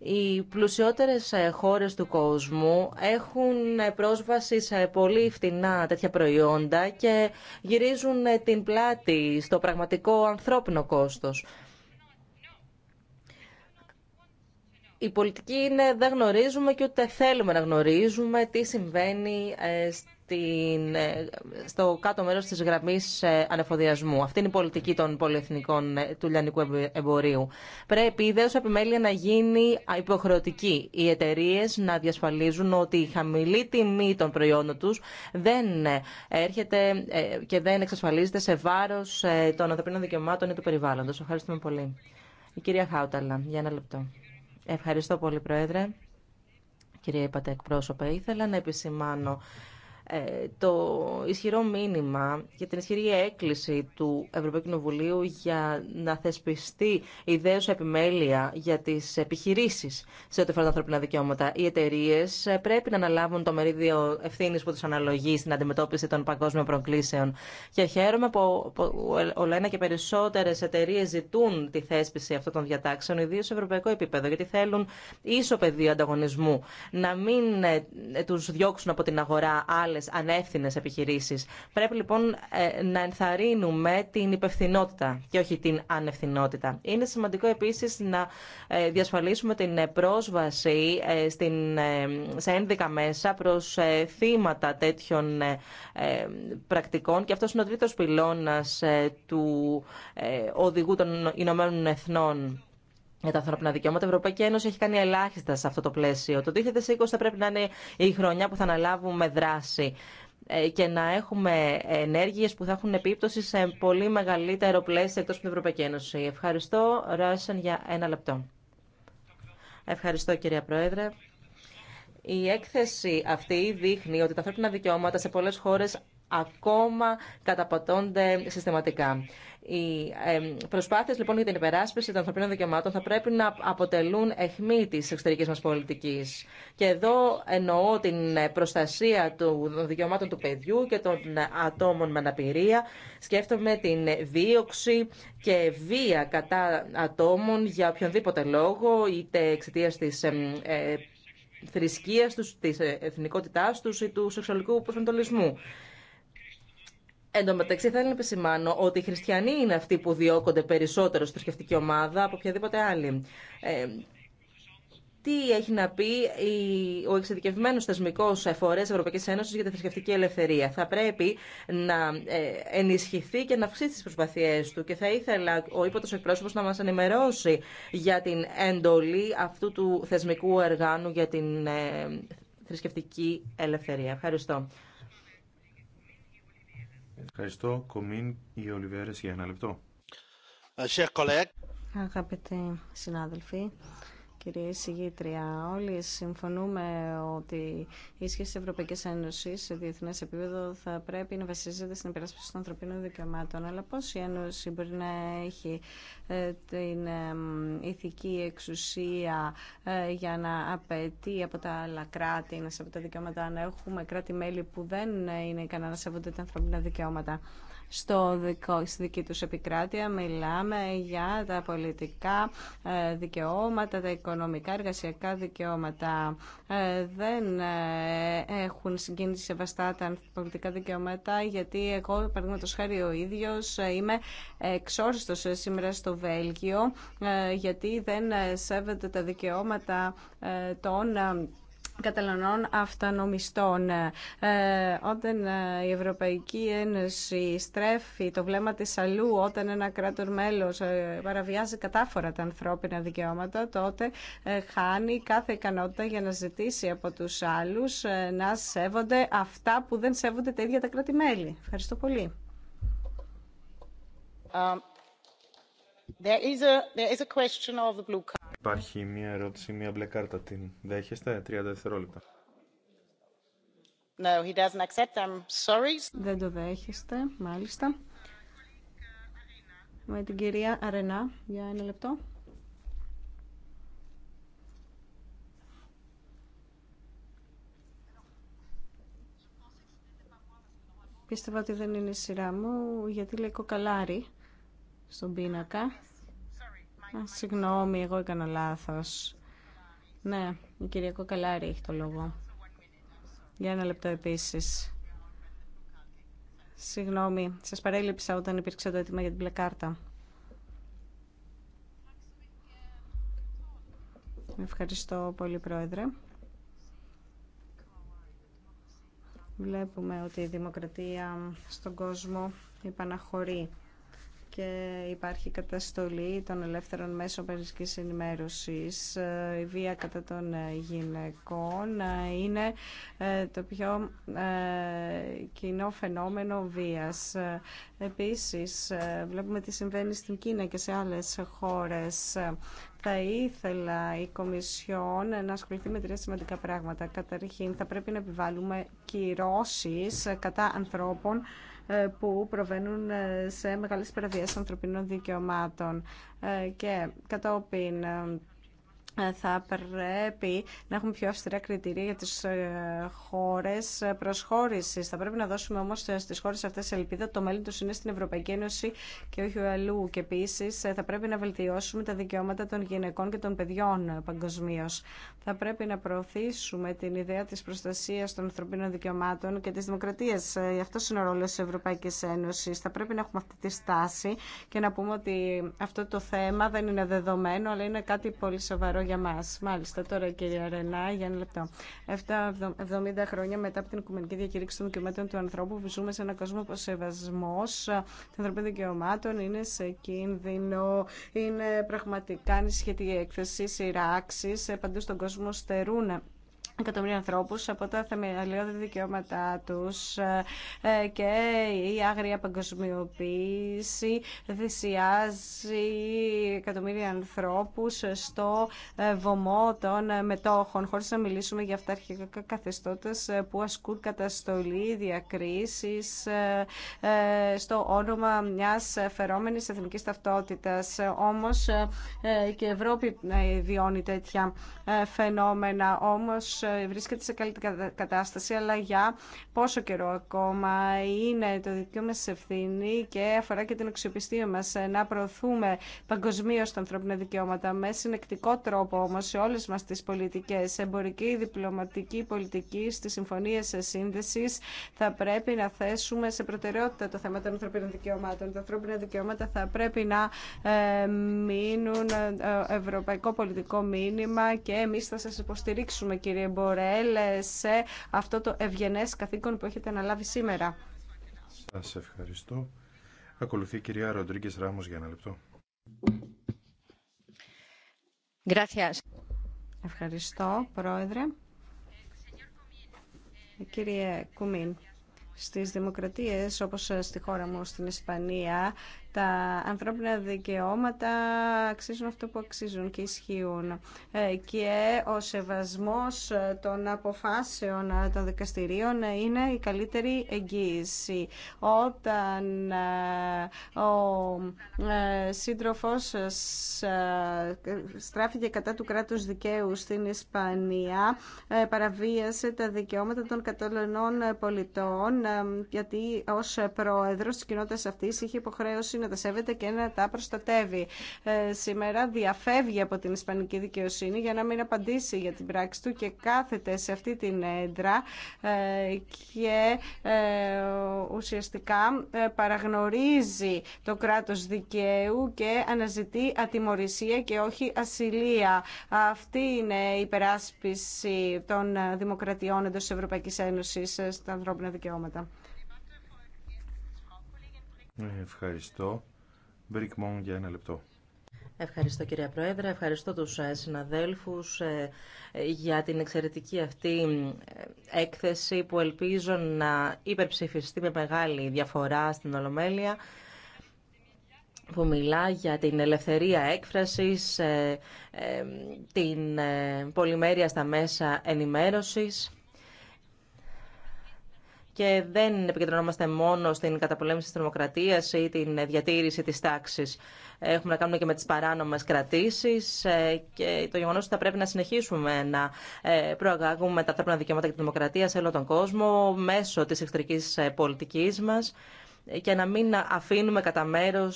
Οι πλουσιότερες ε, χώρες του κόσμου έχουν ε, πρόσβαση σε πολύ φτηνά τέτοια προϊόντα και γυρίζουν ε, την πλάτη στο πραγματικό ανθρώπινο κόστος. η πολιτική είναι δεν γνωρίζουμε και ούτε θέλουμε να γνωρίζουμε τι συμβαίνει ε, στην, ε, στο κάτω μέρος της γραμμής ε, ανεφοδιασμού. Αυτή είναι η πολιτική των πολυεθνικών του λιανικού εμπορίου. Πρέπει η ιδέωσα επιμέλεια να γίνει υποχρεωτική. Οι εταιρείε να διασφαλίζουν ότι η χαμηλή τιμή των προϊόντων τους δεν έρχεται και δεν εξασφαλίζεται σε βάρος των ανθρωπίνων δικαιωμάτων ή του περιβάλλοντος. Ευχαριστούμε πολύ. Η κυρία Χάουταλα, για ένα λεπτό. Ευχαριστώ πολύ, Πρόεδρε. Κυρία Πατεκπρόσωπε, ήθελα να επισημάνω ε, το ισχυρό μήνυμα για την ισχυρή έκκληση του Ευρωπαϊκού Κοινοβουλίου για να θεσπιστεί ιδέως επιμέλεια για τις επιχειρήσεις σε ό,τι φορά τα ανθρώπινα δικαιώματα. Οι εταιρείε ε, πρέπει να αναλάβουν το μερίδιο ευθύνης που τους αναλογεί στην αντιμετώπιση των παγκόσμιων προκλήσεων. Και χαίρομαι που όλα ένα και περισσότερες εταιρείε ζητούν τη θέσπιση αυτών των διατάξεων, ιδίω σε ευρωπαϊκό επίπεδο, γιατί θέλουν ίσο πεδίο ανταγωνισμού. Να μην ε, τους διώξουν από την αγορά άλλε άλλε ανεύθυνες επιχειρήσεις. Πρέπει λοιπόν ε, να ενθαρρύνουμε την υπευθυνότητα και όχι την ανευθυνότητα. Είναι σημαντικό επίσης να ε, διασφαλίσουμε την πρόσβαση ε, στην, σε ένδικα μέσα προς θύματα τέτοιων πρακτικών και αυτό είναι ο τρίτος πυλώνας του Οδηγού των Ηνωμένων Εθνών για τα ανθρώπινα δικαιώματα. Η Ευρωπαϊκή Ένωση έχει κάνει ελάχιστα σε αυτό το πλαίσιο. Το 2020 θα πρέπει να είναι η χρονιά που θα αναλάβουμε δράση ε, και να έχουμε ενέργειες που θα έχουν επίπτωση σε πολύ μεγαλύτερο πλαίσιο εκτός από την Ευρωπαϊκή Ένωση. Ευχαριστώ, Ράσεν, για ένα λεπτό. Ευχαριστώ, κυρία Πρόεδρε. Η έκθεση αυτή δείχνει ότι τα ανθρώπινα δικαιώματα σε πολλές χώρες ακόμα καταπατώνται συστηματικά. Οι προσπάθειε λοιπόν για την υπεράσπιση των ανθρωπίνων δικαιωμάτων θα πρέπει να αποτελούν αιχμή τη εξωτερική μα πολιτική. Και εδώ εννοώ την προστασία των δικαιωμάτων του παιδιού και των ατόμων με αναπηρία. Σκέφτομαι την δίωξη και βία κατά ατόμων για οποιονδήποτε λόγο, είτε εξαιτία τη ε, θρησκείας του, της εθνικότητάς του ή του σεξουαλικού προσανατολισμού. Εν τω μεταξύ, θέλω να επισημάνω ότι οι χριστιανοί είναι αυτοί που διώκονται περισσότερο στη θρησκευτική ομάδα από οποιαδήποτε άλλη. Ε, τι έχει να πει ο εξειδικευμένο θεσμικό φορέα Ευρωπαϊκή Ένωση για τη θρησκευτική ελευθερία. Θα πρέπει να ε, ενισχυθεί και να αυξήσει τι προσπαθίε του και θα ήθελα ο ύποπτο εκπρόσωπο να μα ενημερώσει για την εντολή αυτού του θεσμικού εργάνου για την ε, θρησκευτική ελευθερία. Ευχαριστώ. Ευχαριστώ, Κομίν ή Ολιβέρες για ένα λεπτό. Ε, Αγαπητοί συνάδελφοι, κυρία Εισηγήτρια. Όλοι συμφωνούμε ότι η σχέση τη Ευρωπαϊκή Ένωση σε διεθνέ επίπεδο θα πρέπει να βασίζεται στην υπεράσπιση των ανθρωπίνων δικαιωμάτων. Αλλά πώς η Ένωση μπορεί να έχει ε, την ε, ηθική εξουσία ε, για να απαιτεί από τα άλλα κράτη να σέβονται τα δικαιώματα, να έχουμε κράτη-μέλη που δεν είναι ικανά να σέβονται τα ανθρώπινα δικαιώματα στο δικό, στη δική τους επικράτεια. Μιλάμε για τα πολιτικά ε, δικαιώματα, τα οικονομικά, εργασιακά δικαιώματα. Ε, δεν ε, έχουν συγκίνηση σεβαστά τα πολιτικά δικαιώματα, γιατί εγώ, παραδείγματο χάρη ο ίδιος, είμαι εξόριστος σήμερα στο Βέλγιο, γιατί δεν σέβεται τα δικαιώματα των Καταλωνών αυτανομιστών. Ε, όταν ε, η Ευρωπαϊκή Ένωση στρέφει το βλέμμα της αλλού, όταν ένα κράτος μέλος ε, παραβιάζει κατάφορα τα ανθρώπινα δικαιώματα, τότε ε, χάνει κάθε ικανότητα για να ζητήσει από τους άλλους να σέβονται αυτά που δεν σέβονται τα ίδια τα κράτη-μέλη. Ευχαριστώ πολύ. Um, Υπάρχει μία ερώτηση, μία μπλε κάρτα. Την δέχεστε, 30 δευτερόλεπτα. No, he doesn't accept. I'm sorry. Δεν το δέχεστε, μάλιστα. Με την κυρία Αρενά, για ένα λεπτό. Πίστευα ότι δεν είναι η σειρά μου, γιατί λέει κοκαλάρι στον πίνακα. Α, συγγνώμη, εγώ έκανα λάθος. Ναι, η κυρία Κοκαλάρη έχει το λόγο. Για ένα λεπτό επίσης. Συγγνώμη, σας παρέλειψα όταν υπήρξε το αίτημα για την πλεκάρτα. Ευχαριστώ πολύ, Πρόεδρε. Βλέπουμε ότι η δημοκρατία στον κόσμο υπαναχωρεί και υπάρχει καταστολή των ελεύθερων μέσων περισκής ενημέρωσης. Ε, η βία κατά των ε, γυναικών ε, είναι το πιο κοινό φαινόμενο βίας. Επίσης, βλέπουμε τι συμβαίνει στην Κίνα και σε άλλες χώρες. Θα ήθελα η Κομισιόν να ασχοληθεί με τρία σημαντικά πράγματα. Καταρχήν, θα πρέπει να επιβάλλουμε κυρώσεις κατά ανθρώπων ε, που προβαίνουν ε, σε μεγάλες παραβιάσεις ανθρωπίνων δικαιωμάτων ε, και κατόπιν ε, θα πρέπει να έχουμε πιο αυστηρά κριτηρία για τις ε, χώρες προσχώρησης. Θα πρέπει να δώσουμε όμως ε, στις χώρες αυτές ελπίδα το μέλλον τους είναι στην Ευρωπαϊκή Ένωση και όχι αλλού. Και επίση θα πρέπει να βελτιώσουμε τα δικαιώματα των γυναικών και των παιδιών παγκοσμίω. Θα πρέπει να προωθήσουμε την ιδέα της προστασίας των ανθρωπίνων δικαιωμάτων και της δημοκρατίας. Αυτό είναι ο ρόλος της Ευρωπαϊκής Ένωσης. Θα πρέπει να έχουμε αυτή τη στάση και να πούμε ότι αυτό το θέμα δεν είναι δεδομένο, αλλά είναι κάτι πολύ σοβαρό για μας. Μάλιστα, τώρα κύριε Ρενά, για ένα λεπτό. 70 χρόνια μετά από την Οικουμενική Διακήρυξη των Δικαιωμάτων του Ανθρώπου, που ζούμε σε έναν κόσμο που ο σεβασμό των ανθρωπίνων δικαιωμάτων είναι σε κίνδυνο. Είναι πραγματικά ανησυχητή η έκθεση, σειράξει ε, παντού στον κόσμο στερούν εκατομμύρια ανθρώπους από τα θεμελιώδη δικαιώματά τους ε, ε, και η άγρια παγκοσμιοποίηση θυσιάζει εκατομμύρια ανθρώπους στο ε, βωμό των μετόχων χωρίς να μιλήσουμε για αυτά αρχικά καθεστώτες που ασκούν καταστολή, διακρίσεις στο όνομα μιας φερόμενης εθνικής ταυτότητας. Όμως και η Ευρώπη βιώνει τέτοια φαινόμενα. Όμως βρίσκεται σε καλή κατάσταση, αλλά για πόσο καιρό ακόμα είναι το δικαίωμα σε ευθύνη και αφορά και την αξιοπιστία μα ε, να προωθούμε παγκοσμίω τα ανθρώπινα δικαιώματα με συνεκτικό τρόπο όμω σε όλε μα τι πολιτικέ. εμπορική, διπλωματική, πολιτική, στι συμφωνίες σύνδεση. θα πρέπει να θέσουμε σε προτεραιότητα το θέμα των ανθρωπίνων δικαιωμάτων. Τα ανθρώπινα δικαιώματα θα πρέπει να ε, μείνουν ε, ευρωπαϊκό πολιτικό μήνυμα και εμεί θα σα υποστηρίξουμε κύριε μπορέλε σε αυτό το ευγενέ καθήκον που έχετε αναλάβει σήμερα. Σα ευχαριστώ. Ακολουθεί η κυρία Ροντρίγκε Ράμο για ένα λεπτό. Ευχαριστώ, Πρόεδρε. Κύριε Κουμίν, στις δημοκρατίες όπως στη χώρα μου στην Ισπανία τα ανθρώπινα δικαιώματα αξίζουν αυτό που αξίζουν και ισχύουν. Ε, και ο σεβασμός ε, των αποφάσεων ε, των δικαστηρίων είναι η καλύτερη εγγύηση. Όταν ο σύντροφός σας στράφηκε κατά του κράτους δικαίου στην Ισπανία, παραβίασε τα δικαιώματα των κατολωνών πολιτών, γιατί ως πρόεδρος της κοινότητας αυτής είχε υποχρέωση να τα σέβεται και να τα προστατεύει. Ε, σήμερα διαφεύγει από την Ισπανική δικαιοσύνη για να μην απαντήσει για την πράξη του και κάθεται σε αυτή την έντρα ε, και ε, ουσιαστικά παραγνωρίζει το κράτος δικαίου και αναζητεί ατιμορρησία και όχι ασυλία. Αυτή είναι η περάσπιση των δημοκρατιών εντός της Ευρωπαϊκής Ένωσης στα ανθρώπινα δικαιώματα. Ευχαριστώ. Μπρικ για ένα λεπτό. Ευχαριστώ κυρία Πρόεδρε, ευχαριστώ τους ε, συναδέλφους ε, για την εξαιρετική αυτή έκθεση που ελπίζω να υπερψηφιστεί με μεγάλη διαφορά στην Ολομέλεια που μιλά για την ελευθερία έκφρασης, ε, την πολυμέρεια στα μέσα ενημέρωσης και δεν επικεντρωνόμαστε μόνο στην καταπολέμηση της τρομοκρατίας ή την διατήρηση της τάξης. Έχουμε να κάνουμε και με τις παράνομες κρατήσεις ε, και το γεγονός ότι θα πρέπει να συνεχίσουμε να ε, προαγάγουμε τα ανθρώπινα δικαιώματα και τη δημοκρατία σε όλο τον κόσμο μέσω της εξωτερικής ε, πολιτικής μας και να μην αφήνουμε κατά μέρο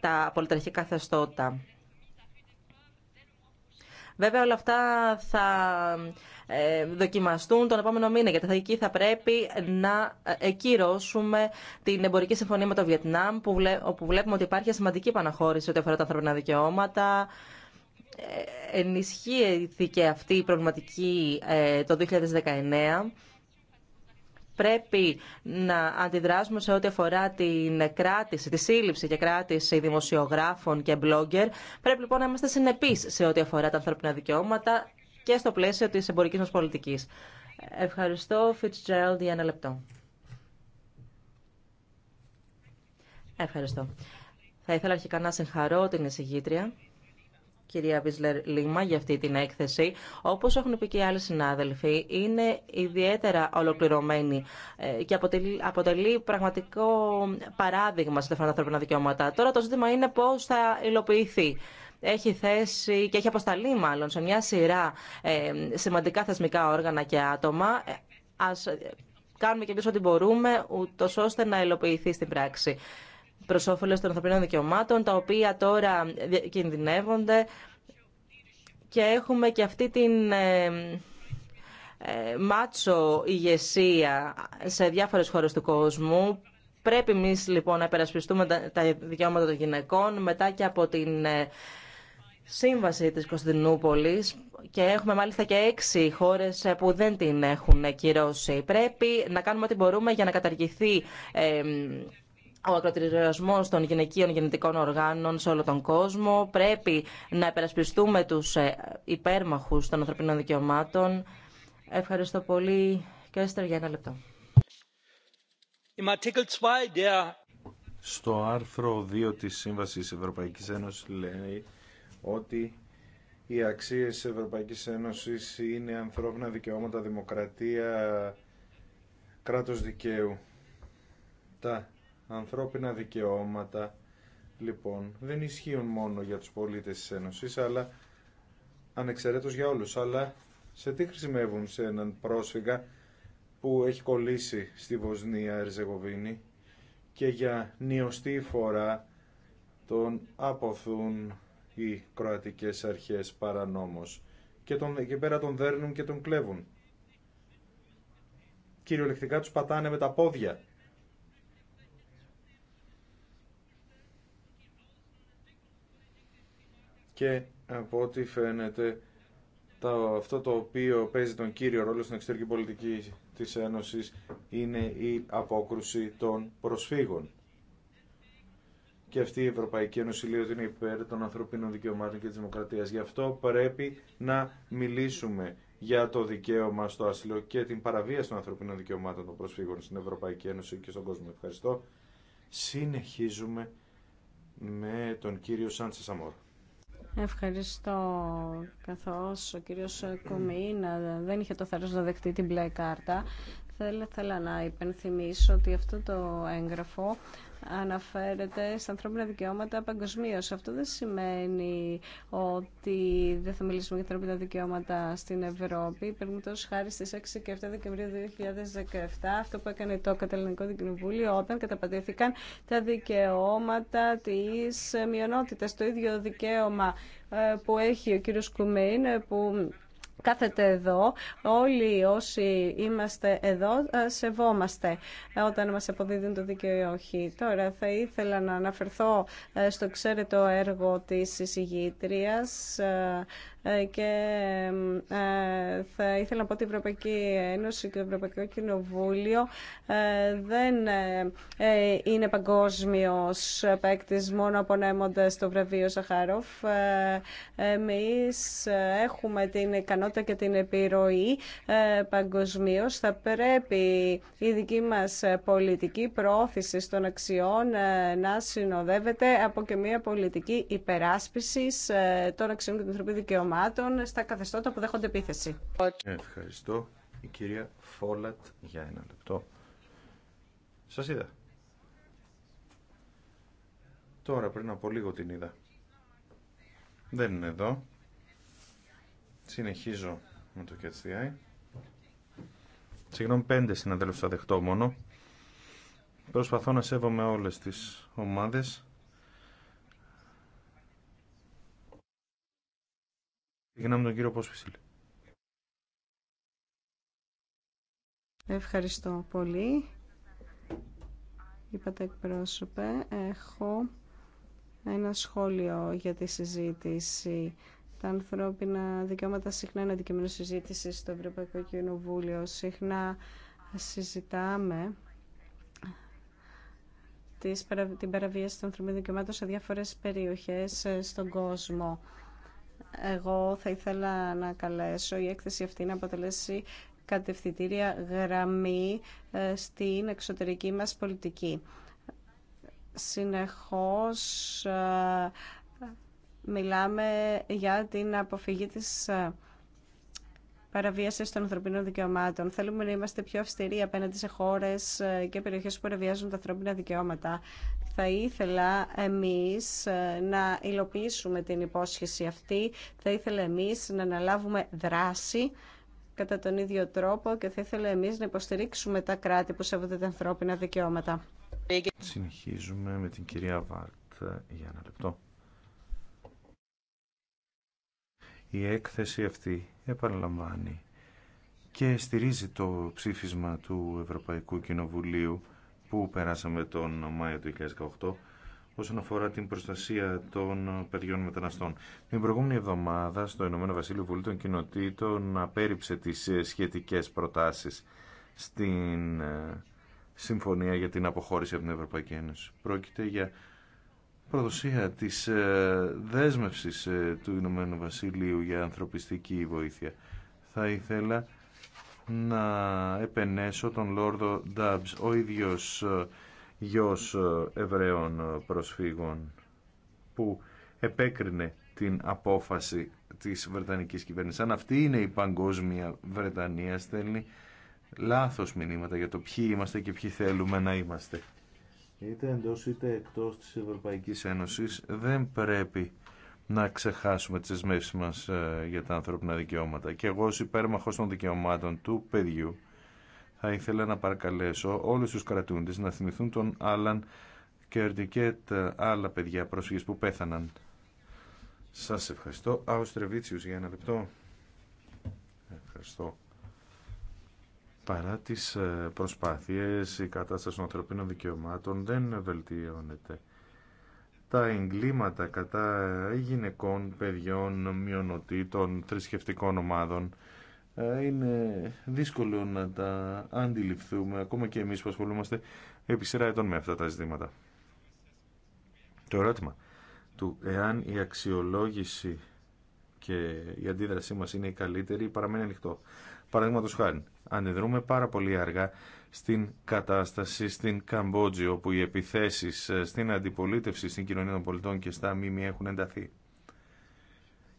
τα πολυτερχικά καθεστώτα. Βέβαια όλα αυτά θα ε, δοκιμαστούν τον επόμενο μήνα, γιατί εκεί θα πρέπει να εκυρώσουμε την εμπορική συμφωνία με το Βιετνάμ, όπου βλέπουμε ότι υπάρχει σημαντική παναχώρηση ό,τι αφορά τα ανθρώπινα δικαιώματα. Ε, ενισχύθηκε αυτή η προβληματική ε, το 2019 πρέπει να αντιδράσουμε σε ό,τι αφορά την κράτηση, τη σύλληψη και κράτηση δημοσιογράφων και blogger. Πρέπει λοιπόν να είμαστε συνεπεί σε ό,τι αφορά τα ανθρώπινα δικαιώματα και στο πλαίσιο τη εμπορική μα πολιτική. Ευχαριστώ, Fitzgerald, για ένα λεπτό. Ευχαριστώ. Θα ήθελα αρχικά να συγχαρώ την εισηγήτρια κυρία Βίσλερ Λίμα, για αυτή την έκθεση. Όπω έχουν πει και οι άλλοι συνάδελφοι, είναι ιδιαίτερα ολοκληρωμένη ε, και αποτελεί, πραγματικό παράδειγμα σε τα ανθρώπινα δικαιώματα. Τώρα το ζήτημα είναι πώ θα υλοποιηθεί έχει θέση και έχει αποσταλεί μάλλον σε μια σειρά ε, σημαντικά θεσμικά όργανα και άτομα. Ε, ας κάνουμε και εμείς ό,τι μπορούμε, ούτως ώστε να υλοποιηθεί στην πράξη προ όφελο των ανθρωπίνων δικαιωμάτων, τα οποία τώρα κινδυνεύονται. Και έχουμε και αυτή την ε, ε, μάτσο ηγεσία σε διάφορες χώρες του κόσμου. Πρέπει εμεί λοιπόν να υπερασπιστούμε τα δικαιώματα των γυναικών μετά και από την ε, σύμβαση της Κωνσταντινούπολης και έχουμε μάλιστα και έξι χώρες που δεν την έχουν κυρώσει. Πρέπει να κάνουμε ό,τι μπορούμε για να καταργηθεί ο ακροτηριασμό των γυναικείων γεννητικών οργάνων σε όλο τον κόσμο. Πρέπει να υπερασπιστούμε του ε, υπέρμαχου των ανθρωπίνων δικαιωμάτων. Ευχαριστώ πολύ. έστερα για ένα λεπτό. Στο άρθρο 2 της Σύμβασης Ευρωπαϊκής Ένωσης λέει ότι οι αξίες της Ευρωπαϊκής Ένωσης είναι ανθρώπινα δικαιώματα, δημοκρατία, κράτος δικαίου. Τα ανθρώπινα δικαιώματα λοιπόν δεν ισχύουν μόνο για τους πολίτες της Ένωσης αλλά ανεξαιρέτως για όλους αλλά σε τι χρησιμεύουν σε έναν πρόσφυγα που έχει κολλήσει στη Βοσνία Ερζεγοβίνη και για νιωστή φορά τον αποθούν οι κροατικές αρχές παρανόμως και τον, εκεί πέρα τον δέρνουν και τον κλέβουν. Κυριολεκτικά τους πατάνε με τα πόδια και από ό,τι φαίνεται το, αυτό το οποίο παίζει τον κύριο ρόλο στην εξωτερική πολιτική της Ένωσης είναι η απόκρουση των προσφύγων. Και αυτή η Ευρωπαϊκή Ένωση λέει ότι είναι υπέρ των ανθρωπίνων δικαιωμάτων και της δημοκρατίας. Γι' αυτό πρέπει να μιλήσουμε για το δικαίωμα στο άσυλο και την παραβίαση των ανθρωπίνων δικαιωμάτων των προσφύγων στην Ευρωπαϊκή Ένωση και στον κόσμο. Ευχαριστώ. Συνεχίζουμε με τον κύριο Σάντσε Σαμόρ. Ευχαριστώ. Καθώς ο κύριος Κουμίν ε, δεν είχε το θέλος να δεχτεί την μπλε κάρτα, Θέλω, θέλω να υπενθυμίσω ότι αυτό το έγγραφο αναφέρεται στα ανθρώπινα δικαιώματα παγκοσμίω. Αυτό δεν σημαίνει ότι δεν θα μιλήσουμε για ανθρώπινα δικαιώματα στην Ευρώπη. Περιμένω χάρη στι 6 και 7 Δεκεμβρίου 2017, αυτό που έκανε το Καταλληνικό Δικοινοβούλιο, όταν καταπατήθηκαν τα δικαιώματα τη μειονότητα. Το ίδιο δικαίωμα ε, που έχει ο κύριος Κουμέιν, ε, που κάθεται εδώ, όλοι όσοι είμαστε εδώ ε, σεβόμαστε όταν μας αποδίδουν το δίκαιο ή όχι. Τώρα θα ήθελα να αναφερθώ ε, στο ξέρετο έργο της εισηγήτριας ε, ε, και ε, θα ήθελα να πω ότι η Ευρωπαϊκή Ένωση και το Ευρωπαϊκό Κοινοβούλιο ε, δεν είναι παγκόσμιος παίκτη μόνο απονέμοντα το βραβείο Σαχάροφ. Εμεί έχουμε την ικανότητα και την επιρροή παγκοσμίω. Θα πρέπει η δική μας πολιτική πρόθεση των αξιών να συνοδεύεται από και μια πολιτική υπεράσπισης των αξιών και των ανθρωπίνων δικαιωμάτων δικαιωμάτων στα καθεστώτα που δέχονται επίθεση. Ευχαριστώ. Η κυρία Φόλατ για ένα λεπτό. Σας είδα. Τώρα πριν από λίγο την είδα. Δεν είναι εδώ. Συνεχίζω με το KCI. Συγγνώμη, πέντε συναδέλφους θα δεχτώ μόνο. Προσπαθώ να σέβομαι όλες τις ομάδες. Ξεκινάμε τον κύριο Πόσφυσιλ. Ευχαριστώ πολύ. Είπατε εκπρόσωπε, έχω ένα σχόλιο για τη συζήτηση. Τα ανθρώπινα δικαιώματα συχνά είναι αντικείμενο συζήτηση στο Ευρωπαϊκό Κοινοβούλιο. Συχνά συζητάμε την παραβίαση των ανθρωπίνων δικαιωμάτων σε διάφορες περιοχές ε, στον κόσμο. Εγώ θα ήθελα να καλέσω η έκθεση αυτή να αποτελέσει κατευθυντήρια γραμμή ε, στην εξωτερική μας πολιτική. Συνεχώς ε, μιλάμε για την αποφυγή της ε, παραβίαση των ανθρωπίνων δικαιωμάτων. Θέλουμε να είμαστε πιο αυστηροί απέναντι σε χώρε και περιοχέ που παραβιάζουν τα ανθρώπινα δικαιώματα θα ήθελα εμείς ε, να υλοποιήσουμε την υπόσχεση αυτή, θα ήθελα εμείς να αναλάβουμε δράση κατά τον ίδιο τρόπο και θα ήθελα εμείς να υποστηρίξουμε τα κράτη που σέβονται τα ανθρώπινα δικαιώματα. Συνεχίζουμε με την κυρία Βάρτ ε, για ένα λεπτό. Η έκθεση αυτή επαναλαμβάνει και στηρίζει το ψήφισμα του Ευρωπαϊκού Κοινοβουλίου που περάσαμε τον Μάιο του 2018 όσον αφορά την προστασία των παιδιών μεταναστών. Την προηγούμενη εβδομάδα στο Ηνωμένο Βασίλειο Βουλή των Κοινοτήτων απέρριψε τις ε, σχετικές προτάσεις στην ε, Συμφωνία για την αποχώρηση από την Ευρωπαϊκή Ένωση. Πρόκειται για προδοσία της ε, δέσμευσης του Ηνωμένου Βασιλείου για ανθρωπιστική βοήθεια. Θα ήθελα να επενέσω τον Λόρδο Ντάμπς, ο ίδιος ε, γιος ε, Εβραίων ε, προσφύγων που επέκρινε την απόφαση της Βρετανικής κυβέρνησης. Αν αυτή είναι η παγκόσμια Βρετανία στέλνει λάθος μηνύματα για το ποιοι είμαστε και ποιοι θέλουμε να είμαστε. Είτε εντός είτε εκτός της Ευρωπαϊκής Ένωσης δεν πρέπει να ξεχάσουμε τις δεσμεύσει μας ε, για τα ανθρώπινα δικαιώματα. Και εγώ ως υπέρμαχος των δικαιωμάτων του παιδιού θα ήθελα να παρακαλέσω όλους τους κρατούντες να θυμηθούν τον Άλαν Κέρντι και τα άλλα παιδιά πρόσφυγες που πέθαναν. Σας ευχαριστώ. Αουστρεβίτσιους για ένα λεπτό. Ευχαριστώ. Παρά τις ε, προσπάθειες, η κατάσταση των ανθρωπίνων δικαιωμάτων δεν βελτιώνεται τα εγκλήματα κατά γυναικών, παιδιών, μειονοτήτων, θρησκευτικών ομάδων. Ε, είναι δύσκολο να τα αντιληφθούμε, ακόμα και εμείς που ασχολούμαστε επί σειρά ετών με αυτά τα ζητήματα. Το ερώτημα του εάν η αξιολόγηση και η αντίδρασή μας είναι η καλύτερη παραμένει ανοιχτό. Παραδείγματο χάρη, ανεδρούμε πάρα πολύ αργά στην κατάσταση στην Καμπότζη, όπου οι επιθέσεις ε, στην αντιπολίτευση, στην κοινωνία των πολιτών και στα μήμια έχουν ενταθεί.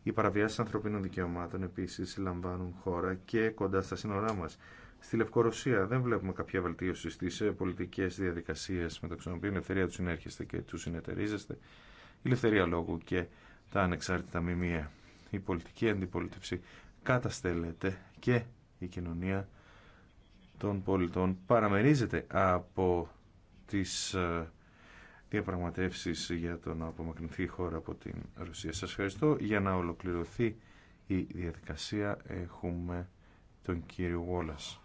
Οι παραβιάσεις ανθρωπίνων δικαιωμάτων επίσης λαμβάνουν χώρα και κοντά στα σύνορά μας. Στη Λευκορωσία δεν βλέπουμε κάποια βελτίωση στις ε, πολιτικές διαδικασίες μεταξύ των οποίων η ελευθερία του συνέρχεστε και του συνεταιρίζεστε, η ελευθερία λόγου και τα ανεξάρτητα μημία. Η πολιτική αντιπολίτευση καταστέλλεται και η κοινωνία των πολιτών παραμερίζεται από τις ε, διαπραγματεύσεις για το να απομακρυνθεί η χώρα από την Ρωσία. Σας ευχαριστώ. Για να ολοκληρωθεί η διαδικασία έχουμε τον κύριο Γόλας.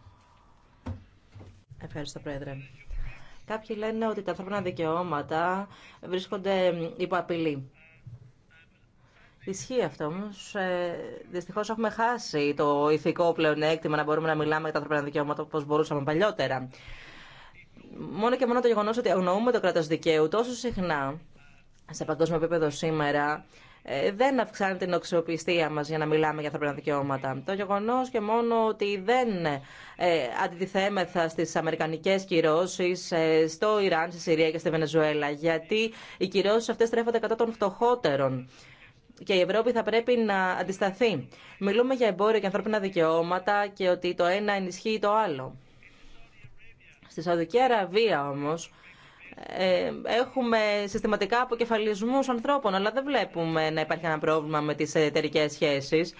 Ευχαριστώ Πρόεδρε. Κάποιοι λένε ότι τα ανθρώπινα δικαιώματα βρίσκονται υπό απειλή. Ισχύει αυτό όμω. Ε, Δυστυχώ έχουμε χάσει το ηθικό πλεονέκτημα να μπορούμε να μιλάμε για τα ανθρώπινα δικαιώματα όπω μπορούσαμε παλιότερα. Μόνο και μόνο το γεγονό ότι αγνοούμε το κράτο δικαίου τόσο συχνά σε παγκόσμιο επίπεδο σήμερα ε, δεν αυξάνει την οξιοπιστία μας για να μιλάμε για ανθρώπινα δικαιώματα. Το γεγονός και μόνο ότι δεν ε, αντιτιθέμεθα στις αμερικανικές κυρώσεις ε, στο Ιράν, στη Συρία και στη Βενεζουέλα, γιατί οι κυρώσεις αυτές τρέφονται κατά των φτωχότερων και η Ευρώπη θα πρέπει να αντισταθεί. Μιλούμε για εμπόριο και ανθρώπινα δικαιώματα και ότι το ένα ενισχύει το άλλο. Στη Σαουδική Αραβία όμως ε, έχουμε συστηματικά αποκεφαλισμούς ανθρώπων, αλλά δεν βλέπουμε να υπάρχει ένα πρόβλημα με τις εταιρικέ σχέσεις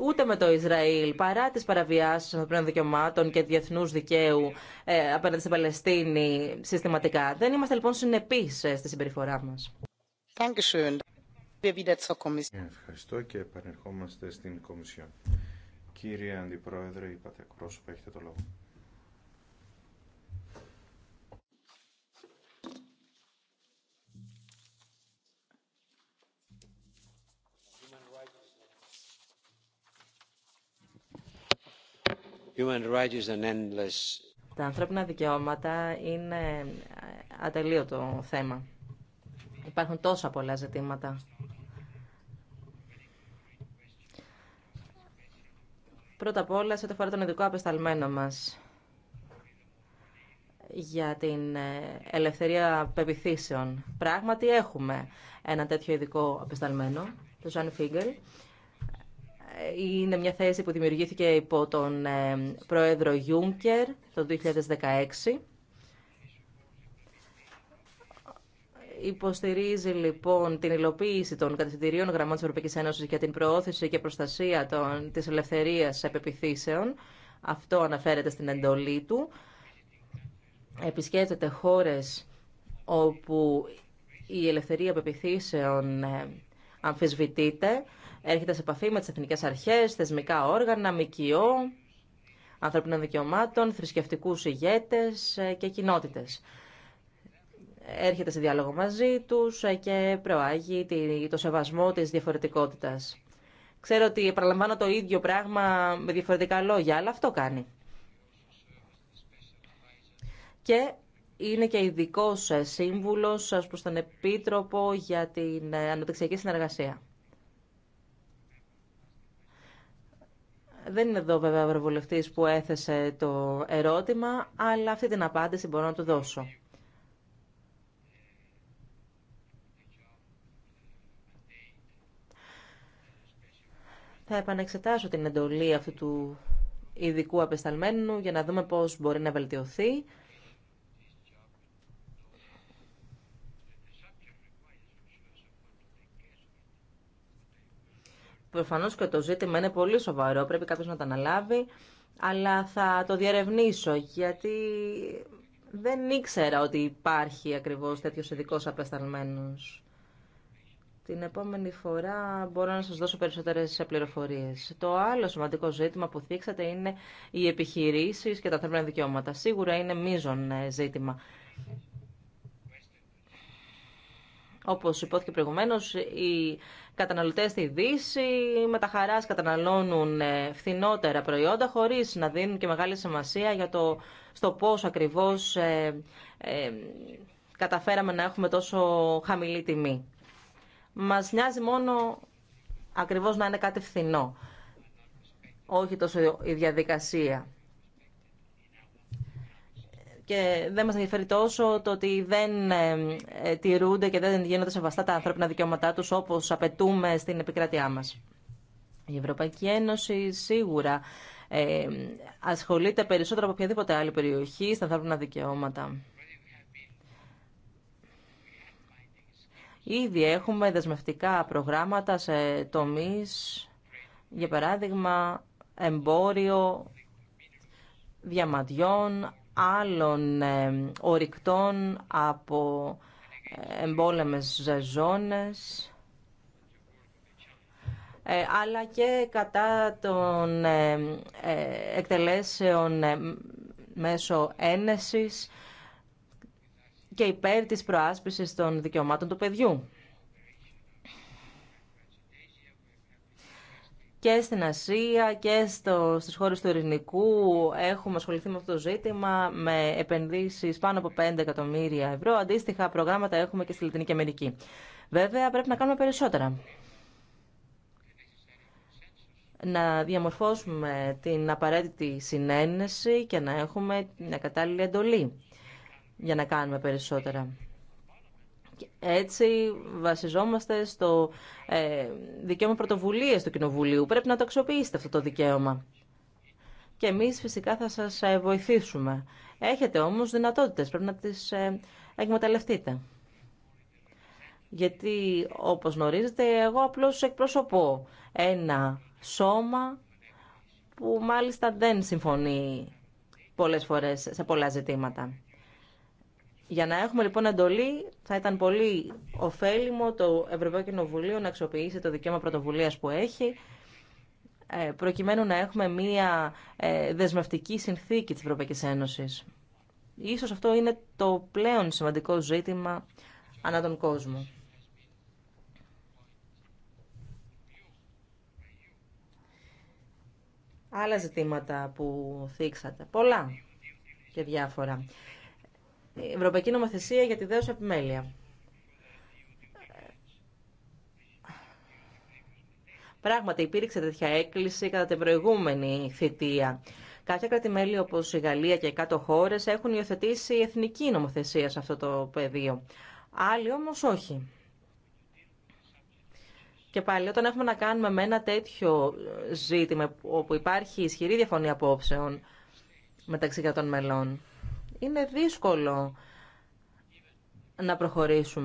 ούτε με το Ισραήλ, παρά τις παραβιάσεις των ανθρωπίνων δικαιωμάτων και διεθνούς δικαίου ε, απέναντι στην Παλαιστίνη συστηματικά. Δεν είμαστε λοιπόν συνεπείς ε, στη συμπεριφορά μας. Ευχαριστώ και επανερχόμαστε στην Κομισιόν. Κύριε Αντιπρόεδρε, είπατε εκπρόσωπο, έχετε το λόγο. Human rights endless... Τα ανθρώπινα δικαιώματα είναι ατελείωτο θέμα. Υπάρχουν τόσα πολλά ζητήματα Πρώτα απ' όλα, σε ό,τι αφορά τον ειδικό απεσταλμένο μας για την ε, ελευθερία πεπιθήσεων. Πράγματι έχουμε ένα τέτοιο ειδικό απεσταλμένο, το Ζαν Φίγκελ. Είναι μια θέση που δημιουργήθηκε υπό τον ε, πρόεδρο Γιούνκερ το 2016 Υποστηρίζει λοιπόν την υλοποίηση των κατευθυντηρίων γραμμών της Ευρωπαϊκής Ένωσης για την προώθηση και προστασία των, της ελευθερίας επεπιθύσεων. Αυτό αναφέρεται στην εντολή του. Επισκέπτεται χώρες όπου η ελευθερία πεπιθήσεων ε, αμφισβητείται. Έρχεται σε επαφή με τις εθνικές αρχές, θεσμικά όργανα, ΜΚΟ, ανθρωπίνων δικαιωμάτων, θρησκευτικού ηγέτες ε, και κοινότητες έρχεται σε διάλογο μαζί τους και προάγει το σεβασμό της διαφορετικότητας. Ξέρω ότι επαναλαμβάνω το ίδιο πράγμα με διαφορετικά λόγια, αλλά αυτό κάνει. Και είναι και ειδικό σύμβουλο προ τον Επίτροπο για την Αναπτυξιακή Συνεργασία. Δεν είναι εδώ βέβαια ο Ευρωβουλευτή που έθεσε το ερώτημα, αλλά αυτή την απάντηση μπορώ να του δώσω. Θα επανεξετάσω την εντολή αυτού του ειδικού απεσταλμένου για να δούμε πώς μπορεί να βελτιωθεί. Προφανώς και το ζήτημα είναι πολύ σοβαρό, πρέπει κάποιος να το αναλάβει, αλλά θα το διαρευνήσω γιατί δεν ήξερα ότι υπάρχει ακριβώς τέτοιος ειδικός απεσταλμένος. Την επόμενη φορά μπορώ να σας δώσω περισσότερες πληροφορίες. Το άλλο σημαντικό ζήτημα που θίξατε είναι οι επιχειρήσεις και τα θέματα δικαιώματα. Σίγουρα είναι μείζον ε, ζήτημα. Όπως υπόθηκε προηγουμένως, οι καταναλωτές στη Δύση με τα χαράς καταναλώνουν ε, φθηνότερα προϊόντα χωρίς να δίνουν και μεγάλη σημασία για το στο πώς ακριβώς ε, καταφέραμε να έχουμε τόσο χαμηλή τιμή. Μας νοιάζει μόνο ακριβώς να είναι κάτι φθηνό, όχι τόσο η διαδικασία. Και δεν μας ενδιαφέρει τόσο το ότι δεν ε, τηρούνται και δεν γίνονται σεβαστά τα ανθρώπινα δικαιώματά τους όπως απαιτούμε στην επικράτειά μας. Η Ευρωπαϊκή Ένωση σίγουρα ασχολείται περισσότερο από οποιαδήποτε άλλη περιοχή στα ανθρώπινα δικαιώματα. Ήδη έχουμε δεσμευτικά προγράμματα σε τομείς, για παράδειγμα, εμπόριο διαμαντιών, άλλων ε, ορυκτών από ε, εμπόλεμες ζώνες, ε, αλλά και κατά των εκτελέσεων μέσω ένεσης και υπέρ της προάσπισης των δικαιωμάτων του παιδιού. Και στην Ασία και στο, στις χώρες του Ειρηνικού έχουμε ασχοληθεί με αυτό το ζήτημα με επενδύσεις πάνω από 5 εκατομμύρια ευρώ. Αντίστοιχα προγράμματα έχουμε και στη Λατινική Αμερική. Βέβαια πρέπει να κάνουμε περισσότερα να διαμορφώσουμε την απαραίτητη συνένεση και να έχουμε την κατάλληλη εντολή για να κάνουμε περισσότερα. Έτσι βασιζόμαστε στο ε, δικαίωμα πρωτοβουλίας του Κοινοβουλίου. Πρέπει να το αξιοποιήσετε αυτό το δικαίωμα. Και εμείς φυσικά θα σας ε, βοηθήσουμε. Έχετε όμως δυνατότητες, πρέπει να τις ε, εκμεταλλευτείτε. Γιατί όπως γνωρίζετε εγώ απλώς εκπροσωπώ ένα σώμα που μάλιστα δεν συμφωνεί πολλές φορές σε πολλά ζητήματα. Για να έχουμε λοιπόν εντολή, θα ήταν πολύ ωφέλιμο το Ευρωπαϊκό Κοινοβουλίο να αξιοποιήσει το δικαίωμα πρωτοβουλίας που έχει, ε, προκειμένου να έχουμε μία ε, δεσμευτική συνθήκη της Ευρωπαϊκής Ένωσης. Ίσως αυτό είναι το πλέον σημαντικό ζήτημα ανά τον κόσμο. Άλλα ζητήματα που θίξατε. Πολλά και διάφορα. Ευρωπαϊκή Νομοθεσία για τη Δέωση Επιμέλεια. Πράγματι, υπήρξε τέτοια έκκληση κατά την προηγούμενη θητεία. κρατημέλη όπως όπω η Γαλλία και οι κάτω χώρε, έχουν υιοθετήσει εθνική νομοθεσία σε αυτό το πεδίο. Άλλοι όμω όχι. Και πάλι, όταν έχουμε να κάνουμε με ένα τέτοιο ζήτημα, όπου υπάρχει ισχυρή διαφωνία απόψεων μεταξύ κρατών μελών, είναι δύσκολο να προχωρήσουμε.